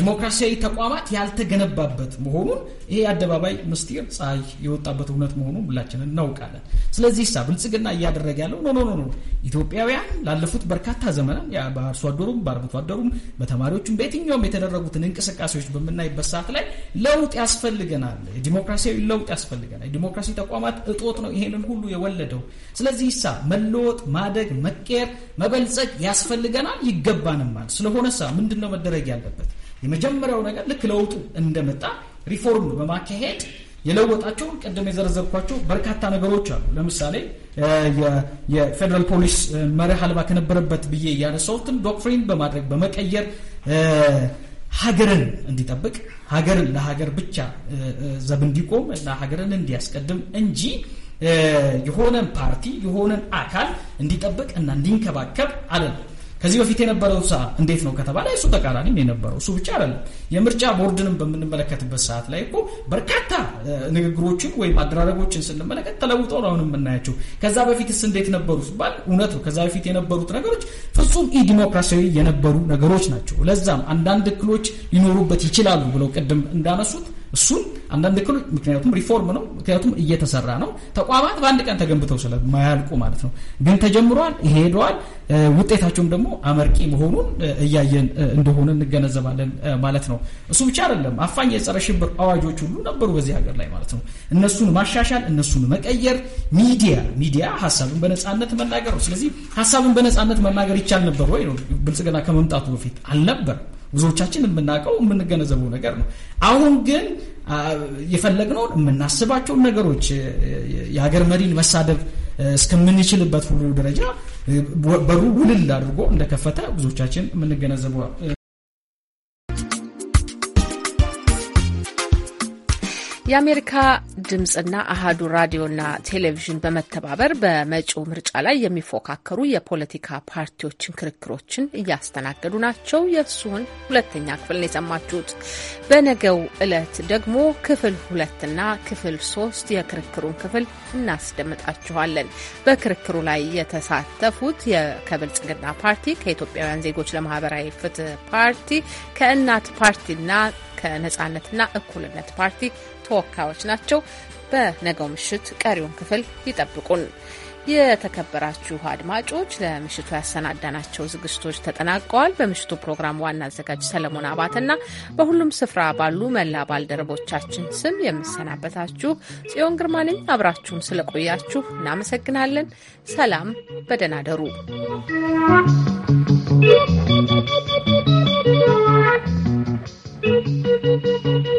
ዲሞክራሲያዊ ተቋማት ያልተገነባበት መሆኑን ይሄ አደባባይ ምስጢር ፀሐይ የወጣበት እውነት መሆኑን ሁላችንን እናውቃለን። ስለዚህ ሳ ብልጽግና እያደረገ ያለው ኖ ኖ ኖ ኢትዮጵያውያን ላለፉት በርካታ ዘመናት በአርሶ አደሩም በአርብቶ አደሩም በተማሪዎቹም በየትኛውም የተደረጉትን እንቅስቃሴዎች በምናይበት ሰዓት ላይ ለውጥ ያስፈልገናል፣ የዲሞክራሲያዊ ለውጥ ያስፈልገናል። የዲሞክራሲ ተቋማት እጦት ነው ይሄንን ሁሉ የወለደው። ስለዚህ ሳ መለወጥ፣ ማደግ፣ መቀየር፣ መበልጸግ ያስፈልገናል፣ ይገባንማል። ስለሆነ ሳ ምንድን ነው መደረግ ያለበት? የመጀመሪያው ነገር ልክ ለውጡ እንደመጣ ሪፎርም በማካሄድ የለወጣቸውን ቅድም የዘረዘርኳቸው በርካታ ነገሮች አሉ። ለምሳሌ የፌዴራል ፖሊስ መርህ አልባ ከነበረበት ብዬ ያነሳሁትን ዶክትሪን በማድረግ በመቀየር ሀገርን እንዲጠብቅ ሀገርን ለሀገር ብቻ ዘብ እንዲቆም እና ሀገርን እንዲያስቀድም እንጂ የሆነን ፓርቲ የሆነን አካል እንዲጠብቅ እና እንዲንከባከብ አለ። ከዚህ በፊት የነበረው እንዴት ነው ከተባለ እሱ ተቃራኒ ነው የነበረው። እሱ ብቻ አይደለም። የምርጫ ቦርድንም በምንመለከትበት ሰዓት ላይ እኮ በርካታ ንግግሮችን ወይም አደራረጎችን ስንመለከት ተለውጠው ነው አሁን የምናያቸው። ከዛ በፊትስ እንዴት ነበሩ ሲባል እውነት ነው። ከዛ በፊት የነበሩት ነገሮች ፍጹም ኢዲሞክራሲያዊ የነበሩ ነገሮች ናቸው። ለዛም አንዳንድ እክሎች ሊኖሩበት ይችላሉ ብለው ቅድም እንዳነሱት እሱን አንዳንድ ክሉ ምክንያቱም ሪፎርም ነው፣ ምክንያቱም እየተሰራ ነው። ተቋማት በአንድ ቀን ተገንብተው ስለማያልቁ ማለት ነው። ግን ተጀምሯል፣ ይሄደዋል። ውጤታቸውም ደግሞ አመርቂ መሆኑን እያየን እንደሆነ እንገነዘባለን ማለት ነው። እሱ ብቻ አይደለም፣ አፋኝ የጸረ ሽብር አዋጆች ሁሉ ነበሩ በዚህ ሀገር ላይ ማለት ነው። እነሱን ማሻሻል፣ እነሱን መቀየር፣ ሚዲያ ሚዲያ ሀሳብን በነጻነት መናገር ነው። ስለዚህ ሀሳብን በነጻነት መናገር ይቻል ነበር ወይ ነው ብልጽግና ከመምጣቱ በፊት አልነበር ብዙዎቻችን የምናውቀው የምንገነዘበው ነገር ነው። አሁን ግን የፈለግነውን የምናስባቸውን ነገሮች የሀገር መሪን መሳደብ እስከምንችልበት ሁሉ ደረጃ በሩ ውልል አድርጎ እንደከፈተ ብዙዎቻችን የምንገነዘበው የአሜሪካ ድምፅና አሃዱ ራዲዮና ቴሌቪዥን በመተባበር በመጪው ምርጫ ላይ የሚፎካከሩ የፖለቲካ ፓርቲዎችን ክርክሮችን እያስተናገዱ ናቸው። የእሱን ሁለተኛ ክፍል ነው የሰማችሁት። በነገው ዕለት ደግሞ ክፍል ሁለትና ክፍል ሶስት የክርክሩን ክፍል እናስደምጣችኋለን። በክርክሩ ላይ የተሳተፉት ከብልጽግና ፓርቲ፣ ከኢትዮጵያውያን ዜጎች ለማህበራዊ ፍትህ ፓርቲ፣ ከእናት ፓርቲና ከነጻነትና እኩልነት ፓርቲ ተወካዮች ናቸው። በነገው ምሽት ቀሪውን ክፍል ይጠብቁን። የተከበራችሁ አድማጮች ለምሽቱ ያሰናዳናቸው ዝግጅቶች ተጠናቀዋል። በምሽቱ ፕሮግራም ዋና አዘጋጅ ሰለሞን አባትና በሁሉም ስፍራ ባሉ መላ ባልደረቦቻችን ስም የምሰናበታችሁ ጽዮን ግርማ ነኝ። አብራችሁን ስለቆያችሁ እናመሰግናለን። ሰላም፣ በደህና ደሩ።